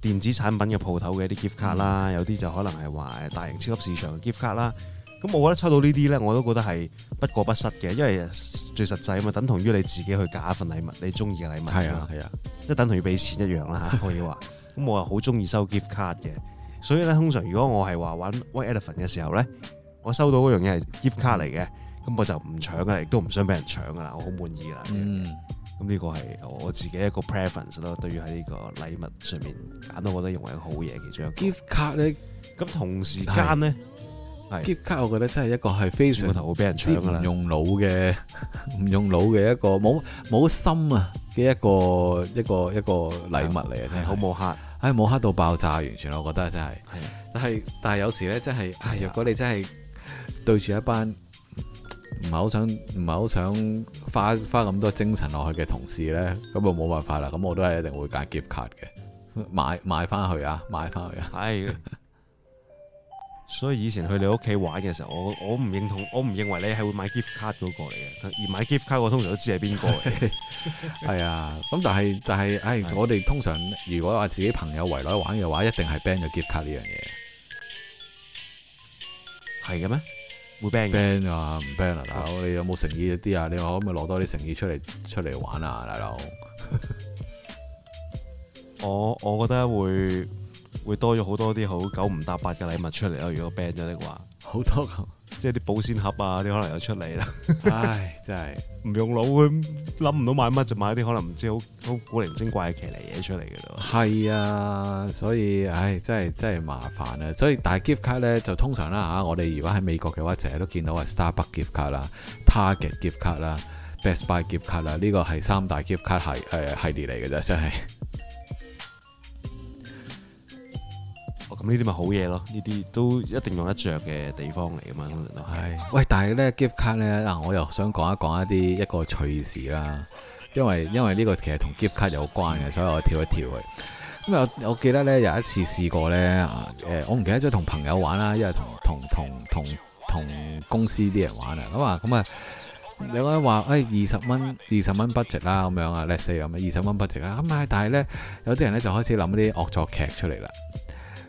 S1: 電子產品嘅鋪頭嘅一啲 gift 卡啦，嗯、有啲就可能係話大型超級市場嘅 gift 卡啦。咁我覺得抽到呢啲咧，我都覺得係不過不失嘅，因為最實際啊嘛，等同於你自己去揀一份禮物，你中意嘅禮物。係啊係啊，即係、啊、等同於俾錢一樣啦可以話。咁 我又好中意收 gift 卡嘅。所以咧，通常如果我係話玩 White Elephant 嘅時候咧，我收到嗰樣嘢係 gift card 嚟嘅，咁我就唔搶㗎，亦都唔想俾人搶噶啦，我好滿意啦。咁呢個係我自己一個 preference 咯，對於喺呢個禮物上面揀到，我覺得認為好嘢，其中 gift card 咧，
S2: 咁同時間咧，gift card 我覺得真係一個係非常之唔用腦嘅、唔用腦嘅一個冇冇心啊嘅一個一個一個禮物嚟啊，真係好無限。唉，冇黑到爆炸，完全，我覺得真係是的。但係但係有時呢，真係，唉，是的 若果你真係對住一班唔係好想唔係好想花花咁多精神落去嘅同事呢，咁就冇辦法啦。咁我都係一定會揀 gift card 嘅，買買翻去啊，買翻去啊。是的
S1: 所以以前去你屋企玩嘅時候，我我唔認同，我唔認為你係會買 gift
S2: card 嗰個嚟嘅，而買 gift card 我通常都知係邊個。係啊，咁但係但係，唉的，哎、我哋通常如果話自己朋友圍內玩嘅話，一定係 band 嘅 gift card 呢樣嘢。係嘅咩？會 band 嘅。啊，唔 band 啊，大佬，你有冇誠意一啲啊？你可唔可以攞多啲誠意出嚟出嚟玩啊，大佬？ 我我覺得會。會多咗好多啲好九唔搭
S1: 八嘅禮物出嚟咯，如果 ban 咗的話，好多嘅，即係啲保鮮盒啊，啲可能又出嚟啦，啊。唉，真係唔用腦，佢諗唔到買乜就買啲可能唔知好好古靈
S2: 精怪嘅奇嚟嘢出嚟嘅咯。係啊，所以唉，真係真係麻煩啊！所以大 gift 卡咧就通常啦吓，我哋如果喺美國嘅話，成日都見到係 Starbucks gift 卡啦，Target gift 卡啦，Best Buy gift 卡啦，呢個係三大 gift 卡係誒、呃、系列嚟嘅啫，真係。咁呢啲咪好嘢咯？
S1: 呢啲都一定用得着嘅地方嚟噶嘛，係
S2: 喂。但係呢 gift card 呢，嗱，我又想講一講一啲一個趣事啦，因為因為呢個其實同 gift card 有關嘅，所以我跳一跳佢咁啊。我記得呢有一次試過呢，誒、呃，我唔記得咗同朋友玩啦，因為同同同同同公司啲人玩啊咁啊咁啊，有啲話誒二十蚊二十蚊 budget 啦，咁、哎、樣啊，Let's say 咁，二十蚊 budget 啦咁啊。但係呢，有啲人呢就開始諗啲惡作劇出嚟啦。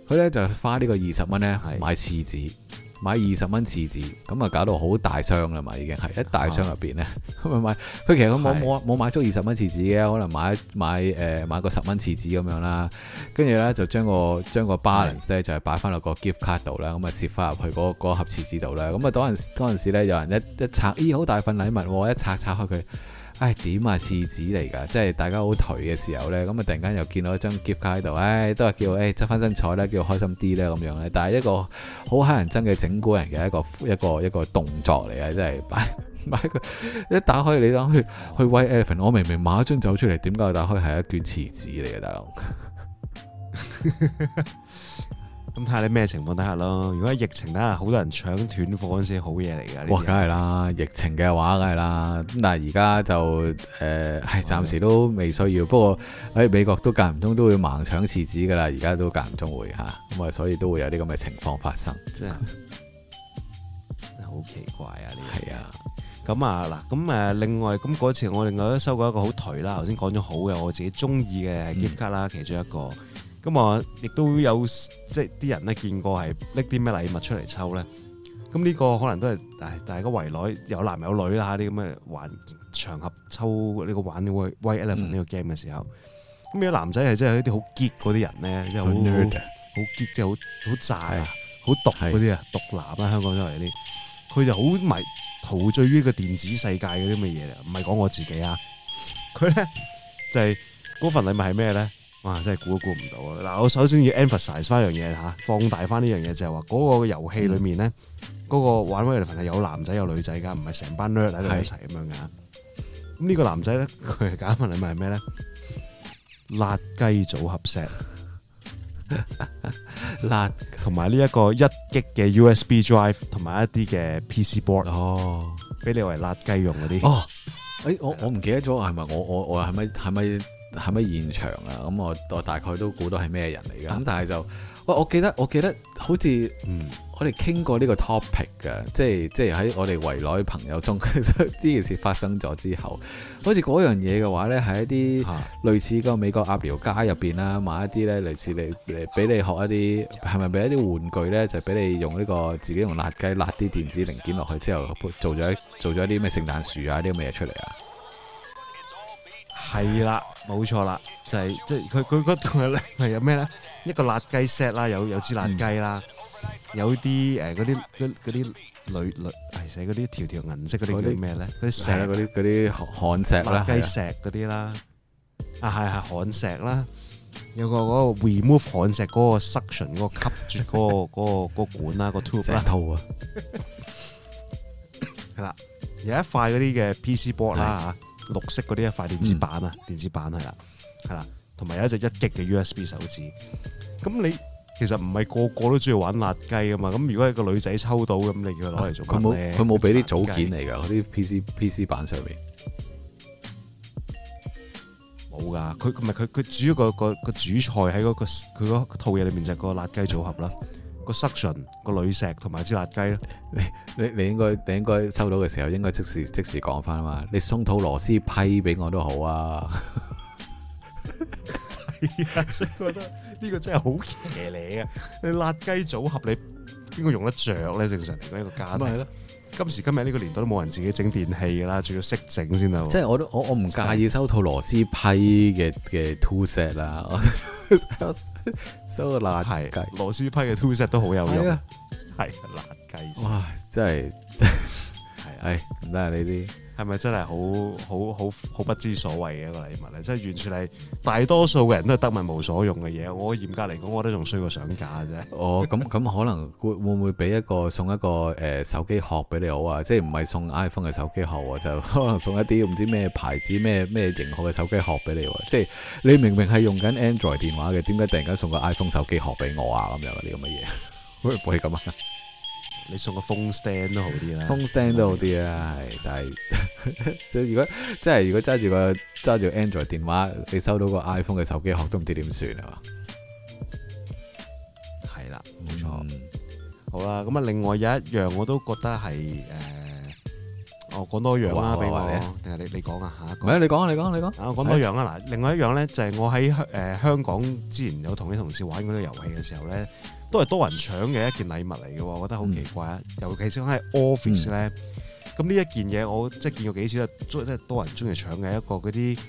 S2: 佢咧就花呢個二十蚊咧買廁紙，是的 買二十蚊廁紙，咁啊搞到好大箱啦嘛，已經係一大箱入面，咧。咁啊買佢其實佢冇冇冇買足二十蚊廁紙嘅，可能買買誒、呃、買個十蚊廁紙咁樣啦。跟住咧就將個將個 balance 咧是的 就係擺翻落個 gift card 度啦。咁啊攝翻入去嗰、那個、盒廁紙度啦。咁啊嗰陣嗰時咧有人一一拆，咦、欸、好大份禮物喎！一拆拆開佢。唉，點、哎、啊！廁紙嚟㗎，即係大家好頹嘅時候呢。咁啊突然間又見到一張 gift 卡喺度，唉、哎，都係叫唉執翻身彩啦，叫開心啲呢！」咁樣咧。但係一個好乞人憎嘅整蠱人嘅一個一個一個動作嚟嘅，真係擺擺佢一打開你諗去去 White Elephant，我明明買一樽酒出嚟，點解打開係一卷廁紙嚟嘅大佬？ 咁睇下你咩情況底下咯。如果喺疫情咧，好多人搶斷貨先好嘢嚟噶。哇，梗係啦，疫情嘅話梗係啦。咁但係而家就誒，係、呃、暫的時都未需要。不過喺美國都間唔中都會盲搶廁紙噶啦。而家都間唔中會吓，咁啊、嗯，所以都會有啲咁嘅情況發生，真係好奇怪啊！呢係 的啊，
S1: 咁啊嗱，咁誒，另外咁嗰次我另外都收過一個好頹啦。頭先講咗好嘅，我自己中意嘅係 gift 卡啦，嗯、其中一個。咁啊，我亦都有即係啲人咧，見過係拎啲咩禮物出嚟抽咧。咁呢個可能都係，誒，大家圍內有男有女啦，啲咁嘅環場合抽呢個玩呢 White Elephant 呢個 game 嘅時候，咁有、嗯、男仔係真係一啲好結嗰啲人咧，嗯、即係好好 geek，很很 geek, 即係好好渣、好獨嗰啲啊，毒男啦，香港都係啲。佢就好迷陶醉於一個電子世界嗰啲咁嘅嘢啊，唔係講我自己啊。佢咧就係、是、嗰份禮物係咩咧？哇！真係估都估唔到啊！嗱，我首先要 emphasize 翻一樣嘢嚇，放大翻呢樣嘢就係話嗰個遊戲裏面咧，嗰個玩威利凡係有男仔有女仔噶，唔係成班女仔喺度一齊咁樣噶。咁呢個男仔咧，佢揀一份禮物係咩咧？辣雞組合 set、辣同埋呢一個 1GB 嘅 USB drive 同埋一啲嘅 PC board，俾你
S2: 為辣雞用嗰啲。哦，誒，我我唔記得咗係咪我我我係咪係咪係咪現場啊？咁我我大概都估到係咩人嚟㗎。咁、嗯、但係就，喂，我記得我記得好似，嗯，我哋傾過呢個 topic 㗎，即係即係喺我哋圍內朋友中，呢 件事發生咗之後，好似嗰樣嘢嘅話呢，係一啲類似個美國鴨寮街入邊啦，買一啲呢，類似你，誒，俾你學一啲，係咪俾一啲玩具呢？就俾、是、你用呢、呢個自己用辣雞辣啲電子零件落去之後，做咗做咗啲咩聖誕樹啊啲咁嘅嘢出嚟啊？係啦，冇錯啦，
S1: 就係即係佢佢嗰度係有咩咧？一個辣雞 set 啦，有有支辣雞啦，有啲誒嗰啲嗰嗰啲鋁鋁係寫嗰啲條條銀色嗰啲叫咩咧？嗰啲石嗰啲嗰啲
S2: 漢石啦，辣雞石
S1: 嗰啲啦，啊係係漢石啦，有個嗰個 remove 漢石嗰個 suction 嗰個吸住嗰個嗰個嗰管啦個 tube 啦，係啦，有一塊嗰啲嘅 PC board 啦吓。綠色嗰啲一塊電子板啊，嗯、電子板係啦，係啦，同埋有一隻一極嘅 USB 手指。咁你其實唔係個個都中意玩辣雞啊嘛。咁如果一個女仔抽到，咁你要攞嚟做乜？佢冇，佢冇俾啲組件嚟㗎，嗰啲
S2: PC PC 板上面冇㗎。佢唔
S1: 係佢佢主要個個個主菜喺嗰、嗰個佢套嘢裏面就係個辣雞組合啦。
S2: 個 suction 個鋁石同埋支辣雞咧，你你你應該你應該收到嘅時候應該即時即時講翻啊嘛，你送套螺絲批俾我都好啊，係啊，
S1: 所以覺得呢個真係好騎你啊！你辣雞組合你邊個用得着咧？正常嚟講一個家庭，咁係咯。今時今日呢個年代都冇人自己整
S2: 電器噶啦，仲要識整先啊。即係我都我我唔介意收套螺絲批嘅嘅 tool set 啦。收到爛雞螺絲批嘅 two set 都好有用，係爛雞，是哇！真係真係，係唉、唔得啊，咁真
S1: 係呢啲。係咪真係好好好好不知所謂嘅一個禮物咧？即係完全係大
S2: 多數嘅人都係得物無所用嘅嘢。我嚴格嚟講，我都仲需要個相架啫。哦，咁咁可能會不會唔會俾一個送一個誒、呃、手機殼俾你好啊？即係唔係送 iPhone 嘅手機殼啊？就可能送一啲唔知咩牌子咩咩型號嘅手機殼俾你啊？即係你明明係用緊 Android 電話嘅，點解突然間送個 iPhone 手機殼俾我啊？咁樣啲咁嘅嘢會唔會咁啊？你送個 phone stand 都好啲啦 phone stand 都好啲啊，係，但係即係如果即係如果揸住個揸住 android 電話，你收到個 iphone 嘅手機殼都唔知點算係嘛？係啦，冇錯。
S1: 嗯、好啦，咁啊，另外有一樣我都覺得係誒，哦，講多樣啦，俾我定係你你講啊吓？唔係你講你講你講。啊，講多樣啊嗱，另外一樣咧、呃啊啊、就係、是、我喺香誒香港之前有同啲同事玩嗰啲遊戲嘅時候咧。都係多人搶嘅一件禮物嚟嘅，我覺得好奇怪啊！嗯、尤其是喺 office 咧，咁呢、嗯、一件嘢我即係見過幾次咧，即係多人中意搶嘅一個嗰啲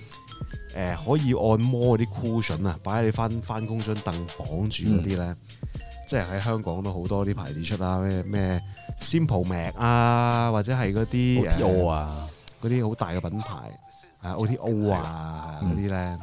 S1: 誒可以按摩嗰啲 cushion 啊，擺喺你返返工張凳綁住嗰啲咧，嗯、即係喺香港都好多啲牌子出啦，咩咩 Simple Mac 啊，或者係嗰啲 OTO 啊，嗰啲好大嘅品牌 o 啊 OTO 啊嗰啲咧。嗯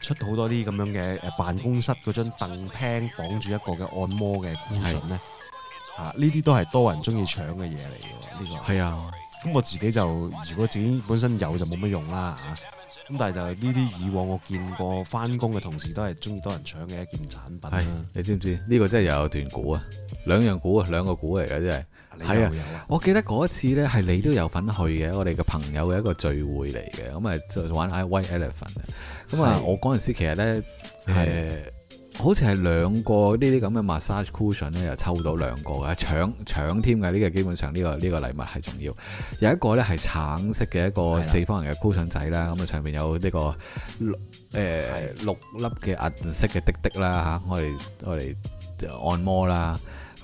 S1: 出好多啲咁樣嘅誒辦公室嗰張凳 p 綁綁住一個嘅按摩嘅 cushion 呢。咧的，啊呢啲都係多人鍾意搶嘅嘢嚟嘅喎，呢、這個係啊，咁的我自己就如果自己本身有就冇乜用啦吓，咁、啊、但係就呢啲以往我見過返工嘅同事都係鍾意多人搶嘅一件產品，啊，
S2: 你知唔知呢個真係有段古啊，兩樣古啊兩個古嚟嘅真係。係啊，我記得嗰一次呢，係你都有份去嘅，我哋嘅朋友嘅一個聚會嚟嘅，咁啊就玩 I White Elephant，咁啊我嗰陣時其實呢，誒、呃，是的好似係兩個呢啲咁嘅 massage cushion 呢又抽到兩個嘅，搶搶添嘅，呢個基本上呢、這個呢、這個禮物係重要，有一個呢係橙色嘅一個四方形嘅 cushion 仔啦，咁啊上面有呢、這個、呃、六誒六粒嘅銀色嘅滴滴啦吓、啊，我哋我哋按摩啦。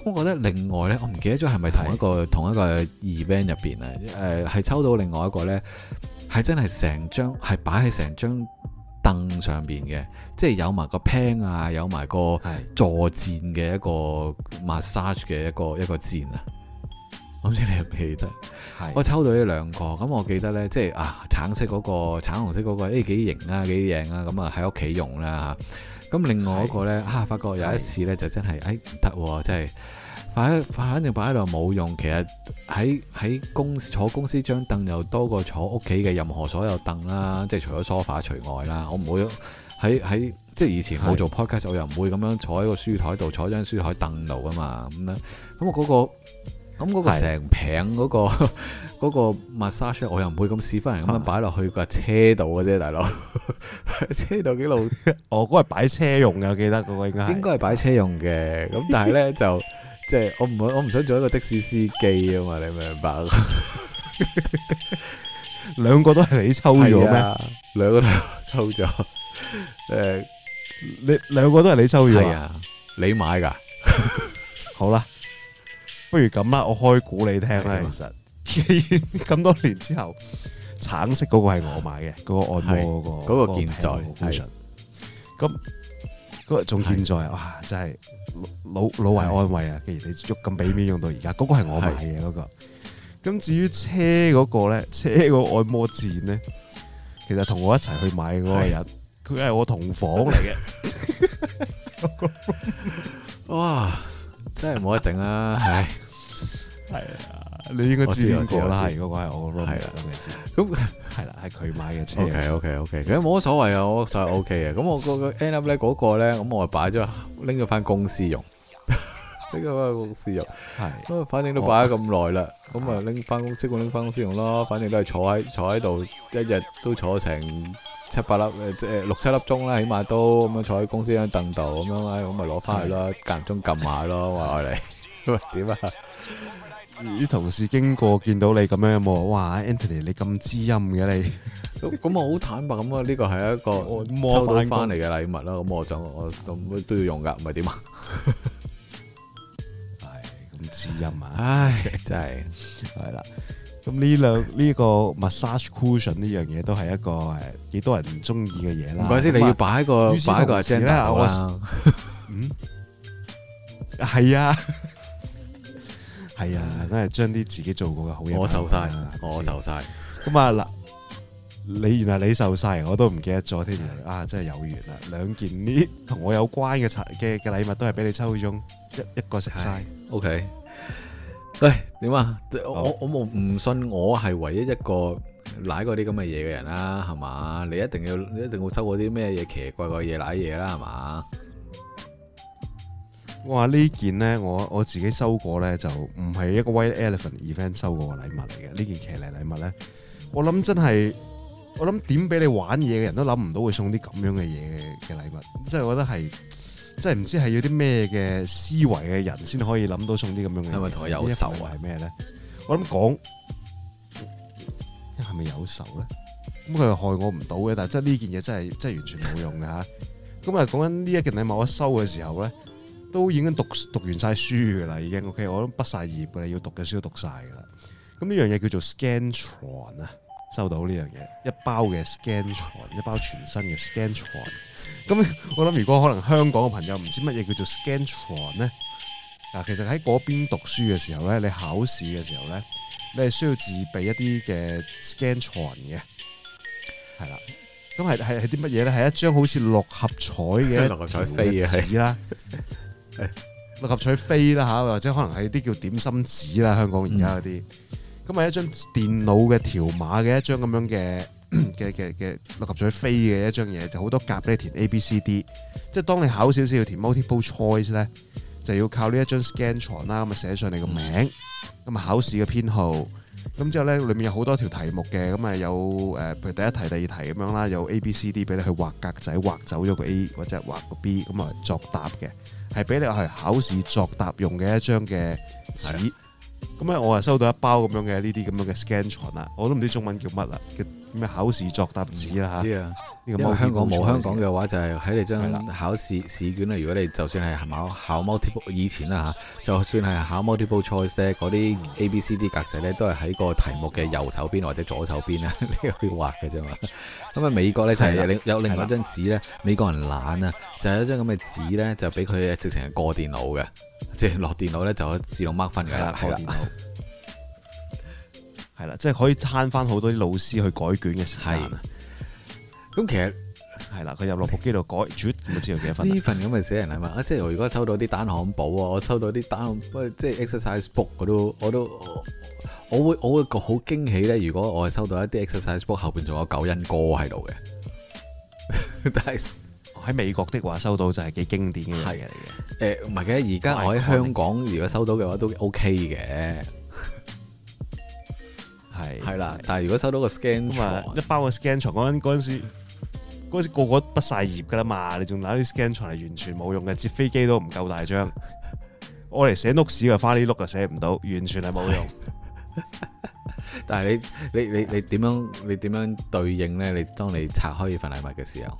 S2: 我覺得另外咧，我唔記得咗係咪同一個是同一個 event 入邊啊？誒、呃，係抽到另外一個咧，係真係成張係擺喺成張凳上邊嘅，即係有埋個 pen 啊，有埋個坐墊嘅一個 massage 嘅一個一個墊啊。唔知是你記唔記得？是我抽到呢兩個，咁我記得咧，即係啊，橙色嗰、那個、橙紅色嗰、那個，誒、哎，幾型啊，幾型啊，咁啊，喺屋企用啦、啊、吓。咁另外一個呢，嚇是、啊、發覺有一次呢，是就真係誒，唔得喎，即係擺反正擺喺度冇用。其實喺喺公司坐公司張凳又多過坐屋企嘅任何所有凳啦，即係除咗 sofa 除外啦。我唔會喺喺即係以前冇做 podcast，是我又唔會咁樣坐喺個書台度坐張書台凳度㗎嘛。咁樣，咁我嗰個咁嗰個成平嗰個。嗰個 massage 我又唔會咁屎忽人咁樣擺落去架車度嘅啫，大佬車度幾老？我嗰係擺車用嘅，記得嘅我而家應該係擺車用嘅。咁但係咧就即係我唔我唔想做一個的士司機啊嘛，你明白？
S1: 兩個都係你抽咗咩？
S2: 兩個都抽咗。誒，
S1: 你兩個都係你抽咗啊？你買噶？好啦，不如咁啦，我開估你聽啦。既然咁多年之後，橙色嗰個係我買嘅，嗰、那個按摩嗰、那個、那個健在，咁嗰個仲、那個、健在啊是！真係老老懷安慰啊！的既然你用咁俾面用到而家，嗰、那個係我買嘅嗰、那個。咁的至於車嗰個咧，車個按摩墊咧，其實同我一齊去買嗰個人，
S2: 佢係的我同房嚟嘅、 那個。哇！真係冇得頂啦！ 唉，係啊。你應該自我
S1: 知啊，我知我知，如
S2: 果係我攞，係啦咁嚟先。咁係啦，係佢買嘅車。O K O K O K，其實冇乜所謂啊，我就 O K 嘅。咁我個 N L 咧嗰個咧，咁我咪擺咗拎咗翻公司用，拎咗翻公司用。係的，咁啊，反正都擺咗咁耐啦，咁啊拎翻公司，拎翻公司用咯。反正都係坐喺坐喺度，一日都坐成七八粒，即係六七粒鐘啦，起碼都咁樣坐喺公司間凳度咁樣，咁咪攞翻去咯，間中撳下咯，話愛你點啊？
S1: 啲同事經過見到你咁樣有冇？
S2: 哇，Anthony 你咁知音嘅你，咁咁我好坦白咁啊，呢個係一個摸到翻嚟嘅禮物啦。咁我想我都都要用噶，唔係點啊？係咁知音啊！唉，真係係啦。咁呢
S1: 兩呢個 massage cushion 呢樣嘢都係一個誒，幾多人中意嘅嘢啦。唔怪先，你要擺個擺個先啦。嗯，係啊。係啊，都係將啲自己做過嘅好嘢，我受晒，我受晒。咁啊嗱，你原來你受晒，我都唔記得咗添啊！真係有緣啊。兩件呢同我有關嘅拆嘅嘅禮物都係俾你抽中，一一
S2: 個食晒。OK，喂，點啊？我我我唔信我係唯一一個舐過啲咁嘅嘢嘅人啦，係嘛？你一定要你一定要收過啲咩嘢奇奇怪怪嘅嘢舐嘢啦，係嘛？我話呢件
S1: 呢，我我自己收過呢，就唔係一個 White Elephant Event 收過嘅禮物嚟嘅。呢件騎呢禮物呢，我諗真係，我諗點俾你玩嘢嘅人都諗唔到會送啲咁樣嘅嘢嘅禮物，即係我覺得係，即係唔知係要啲咩嘅思維嘅人先可以諗到送啲咁樣嘅禮物。同佢有仇係咩呢？我諗講，係咪有仇呢？咁佢係害我唔到嘅，但係真呢件嘢真係真係完全冇用嘅吓。咁啊，講緊呢一件禮物我收嘅時候呢。都已經讀讀完晒書㗎啦，已經 OK，我諗畢曬業㗎，你要讀嘅書都讀晒㗎啦。咁呢樣嘢叫做 Scantron 啊，收到呢樣嘢，一包嘅 Scantron，一包全新嘅 Scantron。咁我諗如果可能香港嘅朋友唔知乜嘢叫做 Scantron 咧，嗱，其實喺嗰邊讀書嘅時候咧，你考試嘅時候咧，你係需要自備一啲嘅 Scantron 嘅，係啦。咁係係係啲乜嘢咧？係一張好似六合彩嘅飛嘅紙啦。六合彩飛啦吓，或者可能係啲叫點心紙啦。香港而家嗰啲咁，係一張電腦嘅條碼嘅一張咁樣嘅嘅嘅嘅六合彩飛嘅一張嘢，就好多格俾你填 A、B、C、D。即係當你考少少要填 multiple choice 咧，就要靠呢一張 scan 床啦。咁啊寫上你個名，咁啊、嗯、考試嘅編號。咁之後咧，裏面有好多條題目嘅，咁啊有誒，譬、呃、如第一題、第二題咁樣啦，有 A、B、C、D 俾你去畫格仔，畫走咗個 A 或者畫個 B，咁啊作答嘅。係俾你去考試作答用嘅一張嘅紙，咁咧我啊收到一包咁樣嘅呢啲咁樣嘅 scantron
S2: 啊，我都唔知中文叫乜啦。咩考試作答紙啦？唔知啊，呢個冇香港冇香港嘅話，就係喺你張考試了試卷咧。如果你就算係考考 multiple 以前啦嚇，就算係考 multiple choice 咧，嗰啲 A、B、C、D 格仔咧，都係喺個題目嘅右手邊或者左手邊咧，你 要畫嘅啫嘛。咁啊，美國咧就係、是、了有另外一張紙咧，了美國人懶啊，就係、是、一張咁嘅紙咧，就俾佢直情過電腦嘅，即係落電腦咧就自動 mark 分嘅。了了係啦，即係可以慳翻好多啲老師去改卷嘅時間。咁其實係啦，佢入落譜機度改，主要你知道幾多分呢、啊、份咁咪死人禮物？啊！即係如果收到啲單行簿啊，我收到啲單行，即係 exercise book，我都我都我會我會好驚喜咧！如果我係收到一啲 exercise book 後邊仲有九因歌喺度嘅， 但係是喺美國的話收到就係幾經典嘅嘢嚟嘅。誒唔係嘅，而家我喺香港如果收到嘅話都 OK 嘅。係係啦，但係如果收到個 scan 藏，ron, 一包個 scan 床嗰陣嗰陣時，嗰陣時，時個個畢
S1: 晒業噶啦嘛，你仲攞啲 scan 床嚟，完全冇用嘅，折飛機都唔夠大張，
S2: 我嚟寫碌屎，t e 紙嘅，翻啲 n o 寫唔到，完全係冇用。 但係你你你你點樣你點樣對應咧？你當你拆開呢份禮物嘅時候，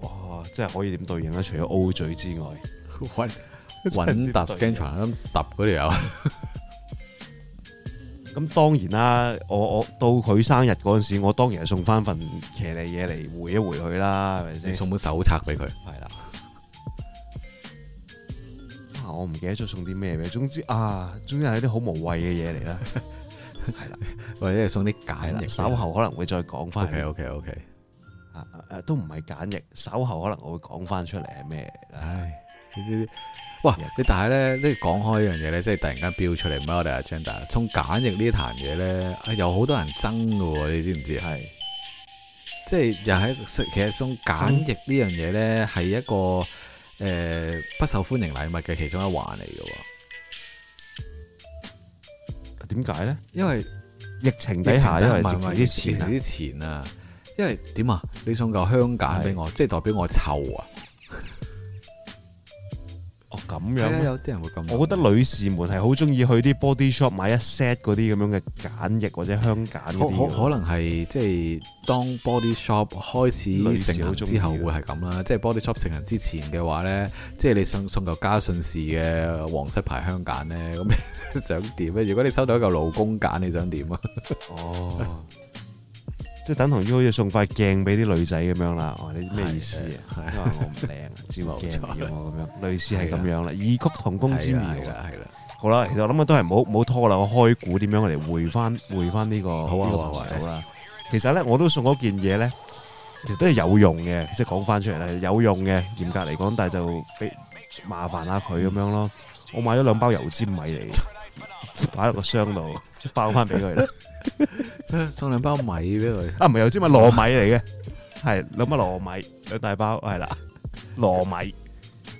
S2: 哇！即係可以點對應咧？除
S1: 咗 O 嘴之外，
S2: 揾搭 scantra
S1: 咁揼嗰條友，咁 當然啦，我我到佢生日嗰陣時，我當然係送翻份騎呢嘢嚟回一回佢啦，係咪先？送本手冊俾佢，係啦。啊，我唔記得咗送啲咩咩，總之啊，總之係啲好無謂嘅嘢嚟啦，係啦 了，或者係送啲解歷，稍後可能會再講
S2: 翻。O K O K O K，啊，都唔係簡歷，稍後可能我會講翻出嚟係咩？唉，你知？但係咧，即係講開一樣嘢咧，即係突然間飆出嚟，唔係我哋阿 Janda 送梘液呢壇嘢咧，有好多人憎噶，你知唔知係，是即係又係食，其實送梘液呢樣嘢咧，係一個誒、呃、不受歡迎禮物嘅其中一環嚟嘅。點解咧？因為疫情底下，因為值錢啲、啊、錢啊，因為點啊？你送嚿香梘俾我，是即係代表我臭啊！哦，咁樣，有啲人會咁。我覺得女士們係好中意去啲
S1: body shop 買一 set
S2: 嗰啲咁樣嘅梘液或者香梘啲。可能係即係當 body shop 開始盛行之後會係咁啦。即係 body shop 盛行之前嘅話呢，即係你送送嚿加信氏嘅皇室牌香梘呢，咁你想點咧？如果你收到一個勞工梘，你想點啊？哦。即
S1: 係等同於好似送塊鏡俾啲女仔咁樣啦，哦、哎，你咩意思啊？是是因為我唔靚知只望鏡咁樣，類似係咁樣啦，的異曲同工之妙啦，係啦。好啦，其實我諗、這個、啊，都係唔好唔、啊、好拖、啊、啦，開估點樣嚟回翻回翻呢個標題好啦。其實咧，我都送嗰件嘢咧，其實都係有用嘅，即係講翻出嚟係有用嘅。嚴格嚟講，但係就俾麻煩下佢咁樣咯。嗯、我買咗兩包油煎米嚟，擺喺個箱度，包翻俾佢啦。 送兩包米俾佢，啊唔係又知咪糯米嚟嘅，係攞乜糯米兩大包係啦，糯米，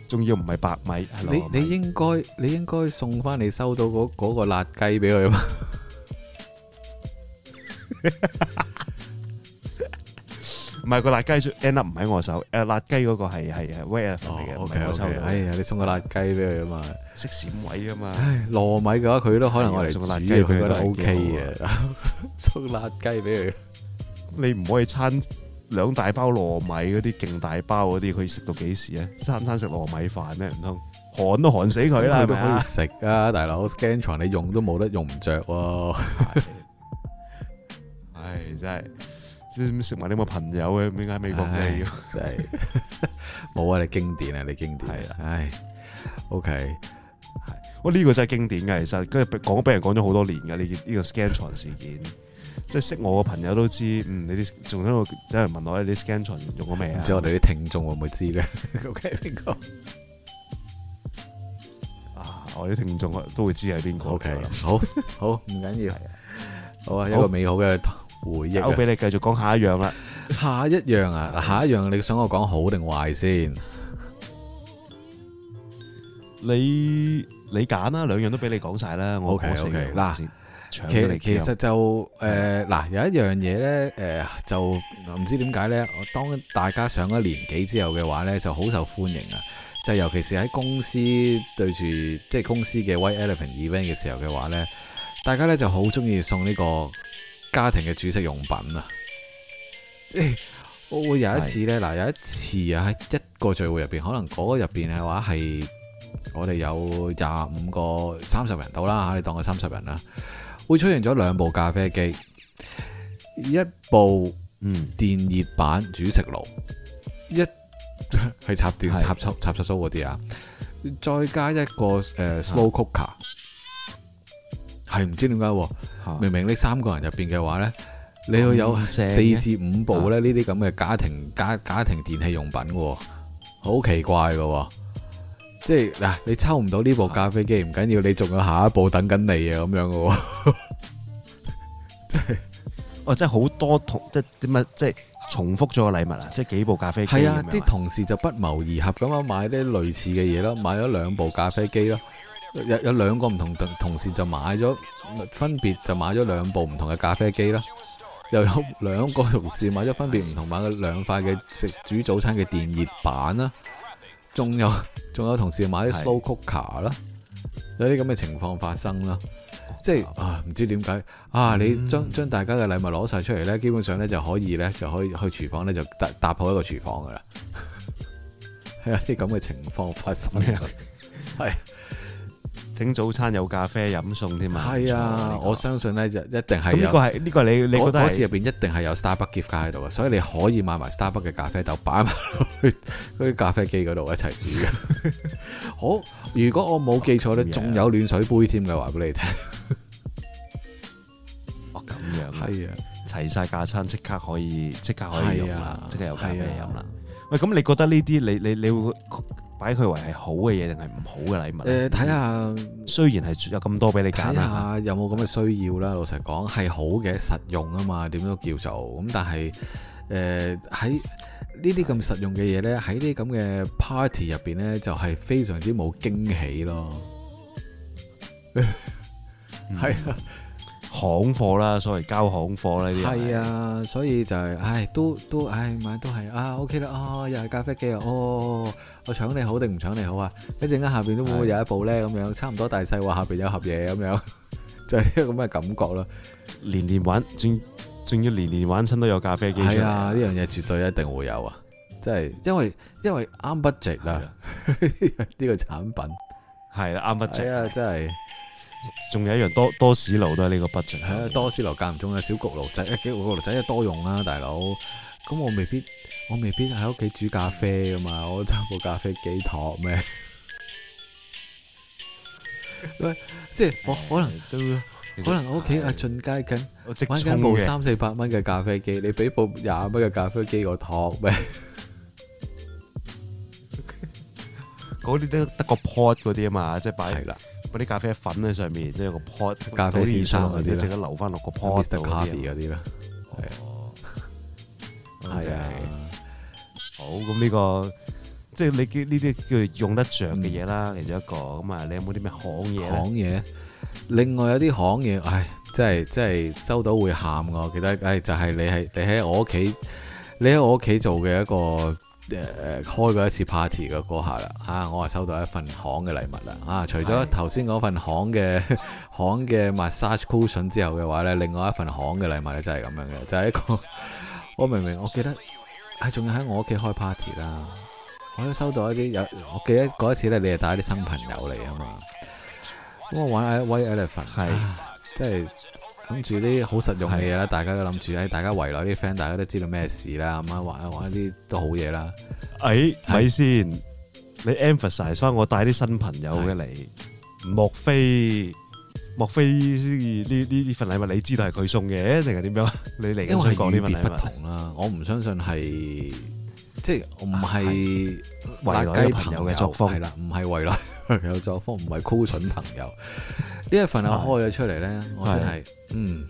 S2: 仲 Okay. 要唔係白米，米你你應該你應該送翻你收到嗰嗰個辣雞俾佢吖嘛。
S1: 唔係、個辣雞出 end up 唔喺我手，誒辣雞嗰個係係係 wear 嘅，哦、okay，
S2: 我抽。Okay, okay, 哎呀，你送個辣雞俾佢啊嘛！食 閃位啊嘛、哎！糯米嘅話，佢都可能我嚟送個辣雞，佢覺得 OK 嘅。送辣雞俾佢，
S1: 你唔可以餐兩大包糯米嗰啲，勁大包嗰啲，佢食到幾時咧？餐
S2: 餐食糯米飯咩唔通？寒都寒死佢啦！佢都可以食啊， 大佬。Scantron 你用都冇得用唔着啊！唉對， 真係。即係食埋啲咁朋友嘅，點解微博嘅真係冇、哎、啊！你經典
S1: 啊！你經典係啊！唉的、哎、，OK，我呢、哦呢個真係經典嘅，其實跟住講俾人講咗好多年嘅。你、呢、呢個 Scantron 事件， 即係識我嘅朋友都知。嗯，你啲仲喺度有人問我咧，啲 Scantron 用過未啊？唔知我哋啲聽眾會唔會知咧？OK，邊個啊？我啲聽眾都會知係邊個？OK，
S2: 我想好，好唔緊要。好啊，一個美好嘅。好回憶，俾你繼續講下一樣啦。下一樣啊，下一樣，你想我講好定壞先？你你揀啦，兩樣都俾你講晒啦。我我先嗱，其實就誒嗱的、呃，有一樣嘢呢，誒、呃、就唔知點解呢。我當大家上咗年紀之後嘅話呢，就好受歡迎啊。就尤其是喺公司對住即係公司嘅 White Elephant Event 嘅時候嘅話呢，大家呢就好中意送呢、這個。家庭嘅煮食用品啊，即係我會有一次呢。嗱是有一次啊，喺一個聚會入邊，可能嗰個入邊嘅話係我哋有廿五個三十人到啦吓，你當佢三十人啦，會出現咗兩部咖啡機，一部嗯電熱板煮食爐，嗯、一係插電插蘇插蘇嗰啲啊，的再加一個誒、呃、slow cooker。係唔知點解？明明呢三個人入邊嘅話呢，你要有四至五部咧呢啲咁嘅家庭家家庭電器用品嘅，好奇怪嘅，即係嗱，你抽唔到呢部咖啡機唔緊要，你仲有下一部等緊你嘅咁樣嘅，哦，即係，好多同即係點啊，即係重複咗個禮物啊，即係幾部咖啡機。係啊，啲同事就不謀而合咁樣買啲類似嘅嘢咯，買咗兩部咖啡機咯。有有兩個唔同同事就買咗，分別就買咗兩部唔同嘅咖啡機啦。又有兩個同事買咗分別唔同買咗兩塊嘅食煮早餐嘅電熱板啦。仲有仲有同事買咗 slow cooker 啦，是有啲咁嘅情況發生啦。 即係啊，唔知點解啊，你將將、嗯、大家嘅禮物攞晒出嚟呢，基本上呢就可以呢就可以去廚房呢，就搭搭好一個廚房噶啦。係啊，啲咁嘅情況發生，係。 整早餐有咖啡飲送添嘛？係啊，我相信咧，一定係。呢個係呢個，你你覺得？嗰次入邊一定係有 Starbucks gift card 喺度，所以你可以買埋 Starbucks 嘅咖啡豆擺埋落去嗰啲咖啡機嗰度一齊煮。好，如果我冇記錯咧，仲有暖水杯添嘅，話俾你聽。哦，咁樣係啊！齊晒架餐，即刻可
S1: 以，即刻可以用啦，即刻有咖啡飲啦。喂，咁你覺得呢啲，你你你會？
S2: 擺佢為係好嘅嘢定係唔好嘅禮物？睇下、呃，睇下雖然係有咁多俾你揀啦，睇下有冇咁嘅需要啦？老實講係好嘅實用啊嘛，點都叫做咁。但係呃，喺呢啲咁實用嘅嘢咧，喺呢啲咁嘅 party 入面咧，就係非常之冇驚喜咯。係啊、嗯。 行貨啦，所謂交行貨啦呢啲。係啊，所以就係、是，唉，都都，唉，買都係啊，OK 啦，啊，OK 哦、又係咖啡機啊，哦，我搶你好定唔搶你好啊？一陣間下邊都會唔會有一部咧咁樣，是的 差唔多大細話下邊有盒嘢咁樣，就係呢個咁嘅感覺啦。年年玩，仲仲要年年玩親都有咖啡機出啊，呢樣嘢絕對一定會有啊！真係，因為因為啱 budget 啦，呢的 個產品係啦，啱 budget 啊，真係。仲有
S1: 一樣多多士爐都係呢個 budget，
S2: 多士爐間唔中啦，小焗爐仔，小焗爐仔多用啦，啊，大佬。咁我未必，我未必喺屋企煮咖啡噶嘛，我揸部咖啡機托咩？喂，其實，即係我可能，欸，可能我屋企阿俊進階緊玩緊部三四百蚊嘅咖啡機，你俾部廿蚊嘅咖啡機我托咩？
S1: 嗰啲都得個 pod 嗰啲啊嘛，即係擺。嗰啲咖啡粉喺上面，即、就、係、是、個 pot 咖啡師生嗰啲即刻留翻六個 pot 度嗰啲咯。係啊，Okay. 好咁呢、這個，即係你呢啲
S2: 叫做用得着嘅嘢啦，其中、嗯、一個。咁啊，你有冇啲咩行嘢行嘢？另外有啲行嘢，唉，即係真係收到會喊我記得唉，就係、是、你喺你喺我屋企，你喺我屋企做嘅一個。誒、呃、開過一次 party 嘅嗰下啦，啊，我係收到一份行嘅禮物啦，啊，除咗頭先嗰份行嘅行嘅 massage cushion 之後嘅話呢，另外一份行嘅禮物呢，就係咁樣嘅，就係一個我明明我記得係仲要喺我屋企開 party 啦，我都收到一啲有我記得嗰一次呢，你係帶一啲新朋友嚟啊嘛，咁我玩 White Elephant 係即係。的諗住啲好實用嘅嘢啦，大家都諗住喺大家圍內啲 friend，大家都知道咩事啦，咁樣玩玩啲都好嘢啦。
S1: 哎，睇先，你 emphasize 翻我帶啲新朋友嘅嚟，莫非莫非呢呢呢份禮物你知道係佢送嘅，定係點樣？你嚟講呢份禮物唔同
S2: 啦，我唔相信係，即係唔係圍內朋友嘅作風，係啦，唔係圍內朋友作風，唔係 cool 蠢朋友呢一份我開咗出嚟咧，我真係。嗯，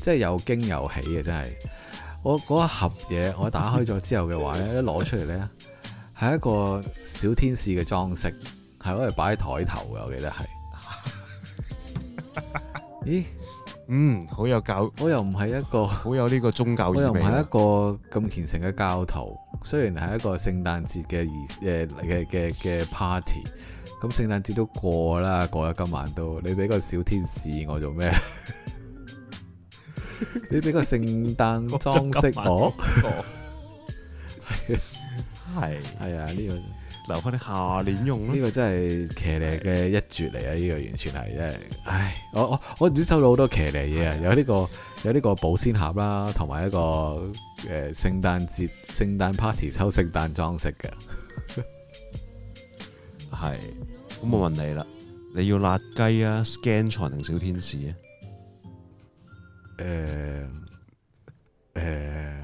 S2: 即係又驚又喜嘅，真係。我嗰一盒嘢，我打開咗之後嘅話咧，攞 出嚟咧，係一個小天使嘅裝飾，係可以擺喺台頭嘅，我記得係。咦？嗯，好有教，我又唔係一個好有呢個宗教意味，我又唔係一個咁虔誠嘅教徒。雖然係一個聖誕節嘅儀誒嘅嘅嘅 party。咁聖誕節都過啦，過咗今晚都，你俾個小天使我做咩？ 你俾個聖誕裝飾我？係，係啊，呢 是、哎呢個留翻你下年用咯。呢個真係騎呢嘅一絕嚟啊！呢、呢個完全係真係，唉、哎，我我我唔知收到好多騎呢嘢啊！有呢個有呢個保鮮盒啦，同埋一個誒、呃、聖誕節聖誕 party 抽聖誕裝飾嘅，係。 咁冇問題啦，你要辣雞啊，Scan 才定小天使啊？誒誒、欸欸，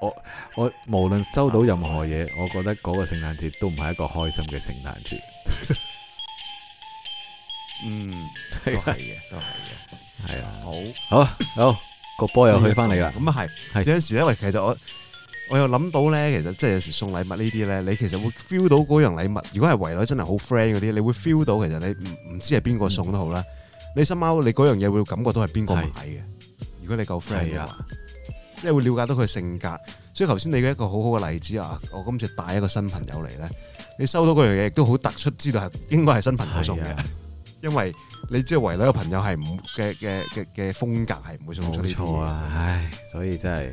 S2: 我我無論收到任何嘢，啊、我覺得嗰個聖誕節都唔係一個開心嘅聖誕節。 嗯，
S1: 都係嘅，都係
S2: 嘅，係啊。好，好，好，那，個波又去翻嚟啦。咁啊係，
S1: 係有陣時咧，喂的，其實我。我又諗到咧，其實即係有時送禮物呢啲咧，你其實會 feel 到嗰樣禮物。如果係圍內真係好 friend 嗰啲，你會 feel 到其實你唔唔知係邊個送都好啦。嗯、你心貓，你嗰樣嘢會感覺到係邊個買嘅。是如果你夠 friend 嘅話，即係、啊、會了解到佢性格。所以頭先你嘅一個很好好嘅例子啊，我今次帶一個新朋友嚟咧，你收到嗰樣嘢亦都好突出，知道係應該係新朋友送嘅，啊、因為你知係圍
S2: 內嘅朋友係唔嘅嘅嘅嘅風格係唔會送出，啲冇錯啊，吧唉，所以真係。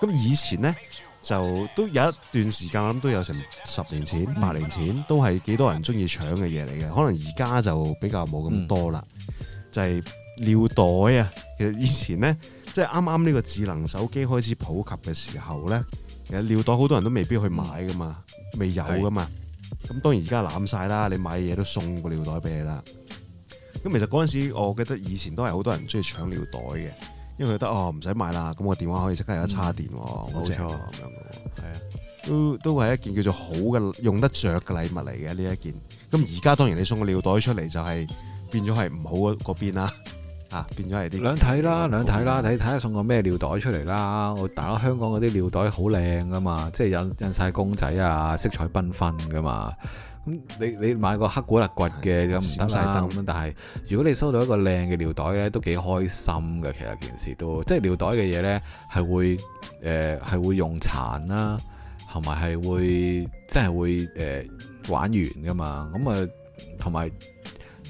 S1: 咁以前呢，就都有一段時間，我諗都有成十年前、嗯、八年前都係幾多人中意搶嘅嘢嚟嘅。可能而家就比較冇咁多啦。嗯、就係尿袋啊，其實以前呢，即係啱啱呢個智能手機開始普及嘅時候呢，其實尿袋好多人都未必去買㗎嘛，嗯、未有㗎嘛。咁的當然而家攬晒啦，你買嘢都送個尿袋俾你啦。咁其實嗰陣時，我記得以前都係好多人中意搶尿袋嘅。因為佢覺得哦唔使買啦，咁我的電話可以即刻有得叉電喎，冇、嗯、錯咁樣嘅喎，係啊的，都都係一件叫做好嘅用得着嘅禮物嚟嘅呢一件。咁而家當然你送個尿袋出嚟就係變咗係唔
S2: 好嗰邊,、啊、邊,邊啦，啊變咗係啲兩睇啦兩睇啦，睇睇下送個咩尿袋出嚟啦。我大家香港嗰啲尿袋好靚噶嘛，即係印印曬公仔啊，色彩繽紛噶嘛。咁你你買個黑古勒掘嘅，咁唔得晒。咁但係如果你收到一個靚嘅尿袋咧，都幾開心嘅。其實件事都即係的尿袋嘅嘢咧，係會誒係會用殘啦，同埋係會即係會誒、呃、玩完噶嘛。咁啊，同埋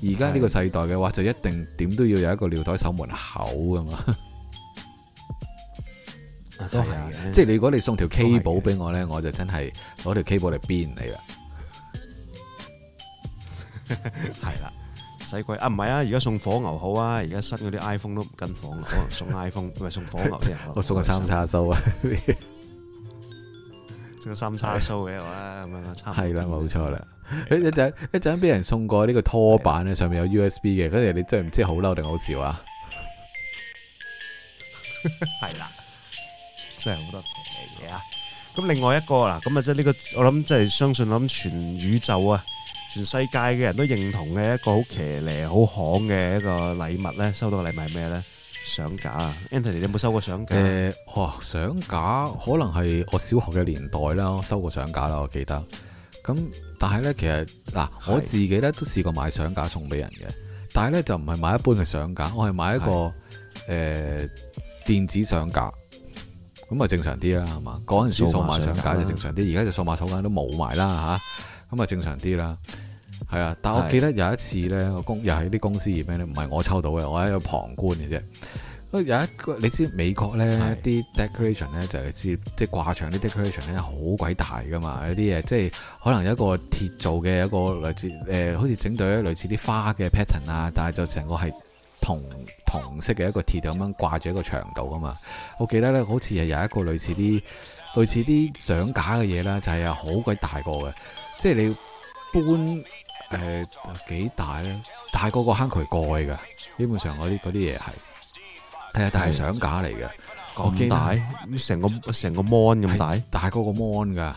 S2: 而家呢個世代嘅話，的就一定點都要有一個尿袋守門口噶嘛。 啊、都係的的即係如果你送條 K 寶俾我咧，我就真係攞條 K 寶嚟鞭你啦。係啦，使鬼 啊！唔係啊，而家
S1: 送火牛好啊，而家新嗰啲 iPhone 都唔跟火牛，送 iPhone 唔係 送火牛啲人， 我送個三
S2: 叉梳啊，
S1: 送個三叉梳嘅我啊，咁樣咯，係
S2: 啦 了，冇錯啦，一陣一陣俾人送過呢個拖板啊，了上面有 USB 嘅，跟住你真係唔知好嬲定好笑啊，
S1: 係啦， 真係好多嘢啊，咁另外一個啦，咁啊即係呢個，我諗即係相信諗全宇宙啊。全世界嘅人都認同嘅一個好騎呢好行嘅一
S2: 個禮物咧，收到嘅禮物係咩咧？相架啊，Anthony，你有冇收過相架？哇、呃哦，相架可能係我小學嘅年代啦，我收過相架啦，我記得。咁但係咧，其實嗱、啊，我自己咧是都試過買相架送俾人嘅，但係咧就唔係買一般嘅相架，我係買一個誒是、呃、電子相架，咁啊正常啲啦，係嘛、嗯？嗰陣時數碼相架就正常啲，而家就數碼相架都冇埋啦嚇。咁啊正常啲啦，係啊！但我記得有一次呢，個公是又係啲公司而咩咧，唔係我抽到嘅，我喺度旁觀嘅啫。有一個你知美國呢啲是 decoration 呢，就係即係掛牆啲 decoration 呢，好鬼大噶嘛，有啲嘢即係可能有一個鐵做嘅一個類似、呃、好似整對類似啲花嘅 pattern 啊，但係就成個係銅銅色嘅一個鐵咁樣掛住一個牆度噶嘛。我記得呢，好似係有一個類似啲類似啲相架嘅嘢啦，就係啊好鬼大個嘅。即係你搬誒、呃、幾大咧？大過個坑渠蓋㗎，基本上嗰啲嗰啲嘢係係啊，但係相架嚟嘅，咁大成個成個 mon 咁大，大，大過個 mon 㗎，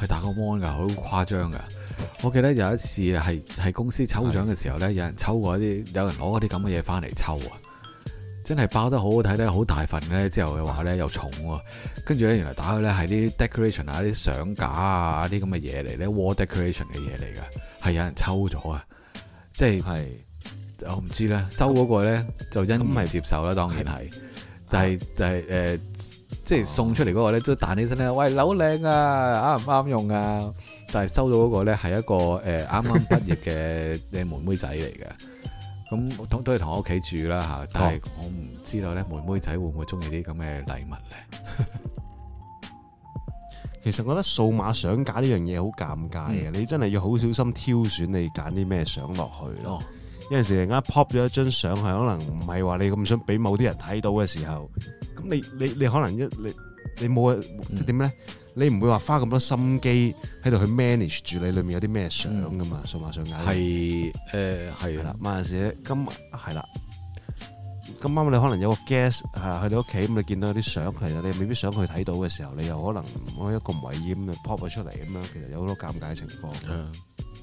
S2: 係大過 mon 㗎，好誇張㗎。我記得有一次係公司抽獎嘅時候咧的，有人抽過一啲，有人攞嗰啲咁嘅嘢翻嚟抽啊！真係包得好好睇咧，好大份咧，之後嘅話咧又重喎、啊，跟住咧原來打開咧係啲 decoration 啊，啲相架啊，啲咁嘅嘢嚟咧 wall decoration 嘅嘢嚟嘅，係有人抽咗啊，即係是我唔知咧，收嗰個咧、嗯、就因欣係接受啦，當然係是，但係但係誒，呃啊、即係送出嚟嗰個咧都彈起身咧，哦、喂，扭靚啊，啱唔啱用啊？但係收到嗰個咧係一個誒啱啱畢業嘅 妹妹仔嚟嘅。咁都都係同我屋企住啦嚇，但係我唔知道咧妹妹仔會唔會中意啲咁嘅禮物咧？其實我覺得數碼相架呢樣嘢好尷尬嘅，你
S1: 真係要好小心挑選你揀啲咩相落去咯。有陣時突然間 pop 咗一張相係，可能唔係話你咁想俾某啲人睇到嘅時候，咁你你你可能一你你冇即係點咧？你唔會話花咁多心機喺度去 manage 住你裏面有啲咩相㗎嘛？數碼相架係誒係啦，萬事、呃、今係啦，咁啱你可能有個 guest 係去你屋企咁，你見到有啲相其實你未必想佢睇到嘅時候，你又可能開一個唔偉豔咁啊 pop 佢出嚟咁樣，其實有好多尷尬情況。的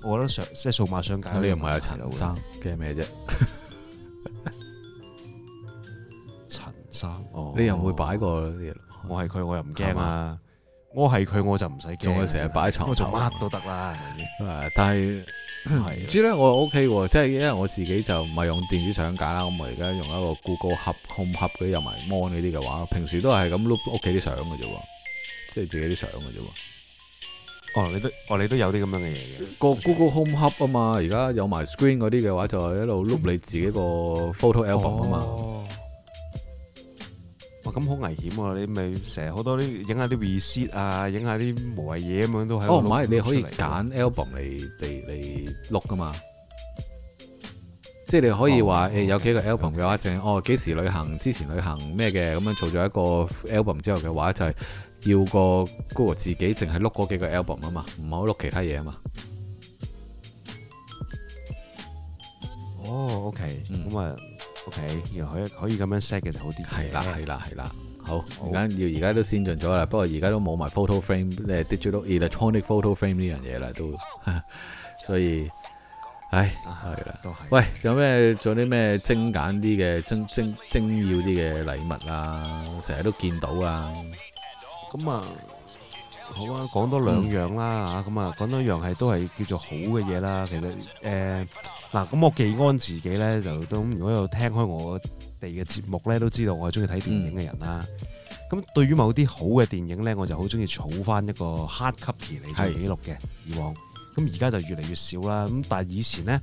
S1: 我覺得相即係數碼相架，你又唔係阿陳生驚咩啫？ 陳生，哦、你又唔會擺過啲嘢、
S2: 哦？我係佢，我又唔驚啊！我係佢我就唔使叫。仲成日擺床頭，我乜做
S1: 嗎都得啦。
S2: 對但係唔知咧，我 OK 喎，即係因為我自己就唔係用電子相架啦，我而家用一個 Google Home Hub 嗰啲有埋 Mon 嗰啲嘅話，平時都係咁碌屋企啲相嘅啫喎，即係自己啲相嘅啫喎。哦，你都哦你都有啲咁樣嘅嘢嘅個 Google Home Hub 啊嘛，而家有埋 Screen 嗰啲嘅話就係一路碌你自己個 photo album 嘛、哦。哦咁好危險喎、啊！你咪
S1: 成日好多啲影下啲 v 片啊，影下啲無謂嘢咁樣都喺哦，唔係、oh,，你可以
S2: 揀 album 嚟嚟錄噶嘛，即係你可以話誒、oh, okay, 哎、有幾個 album 嘅話，就係 okay, okay. 哦幾時旅行之前旅行咩嘅咁樣做咗一個 album 之後嘅話，就係、是、要個 Google 自己淨係錄嗰幾個 album 啊嘛，唔好錄其他嘢啊嘛。哦、oh,，OK，咁啊、嗯。OK，又可以可以咁樣 set 嘅就好啲。係啦，係啦，係啦。好，而家要而家都先進咗啦，不過而家都冇埋 photo frame，誒、oh.，digital electronic photo frame 呢樣嘢啦，都。 所以，唉，係啦，都係。喂，有咩做啲咩精簡啲嘅、精精精要啲嘅禮物啊？成日都見到啊。咁啊。好啊，講多兩樣啦嚇，咁、嗯、啊講多一樣係
S1: 都係叫做好嘅嘢啦。其實誒嗱，咁、呃、我寄安自己咧，就都咁。如果有聽開我哋嘅節目咧，都知道我係中意睇電影嘅人啦。咁、嗯、對於某啲好嘅電影咧，我就好中意儲翻一個 hard copy 嚟做記錄嘅。以往咁，而家就越嚟越少啦。咁但係以前咧，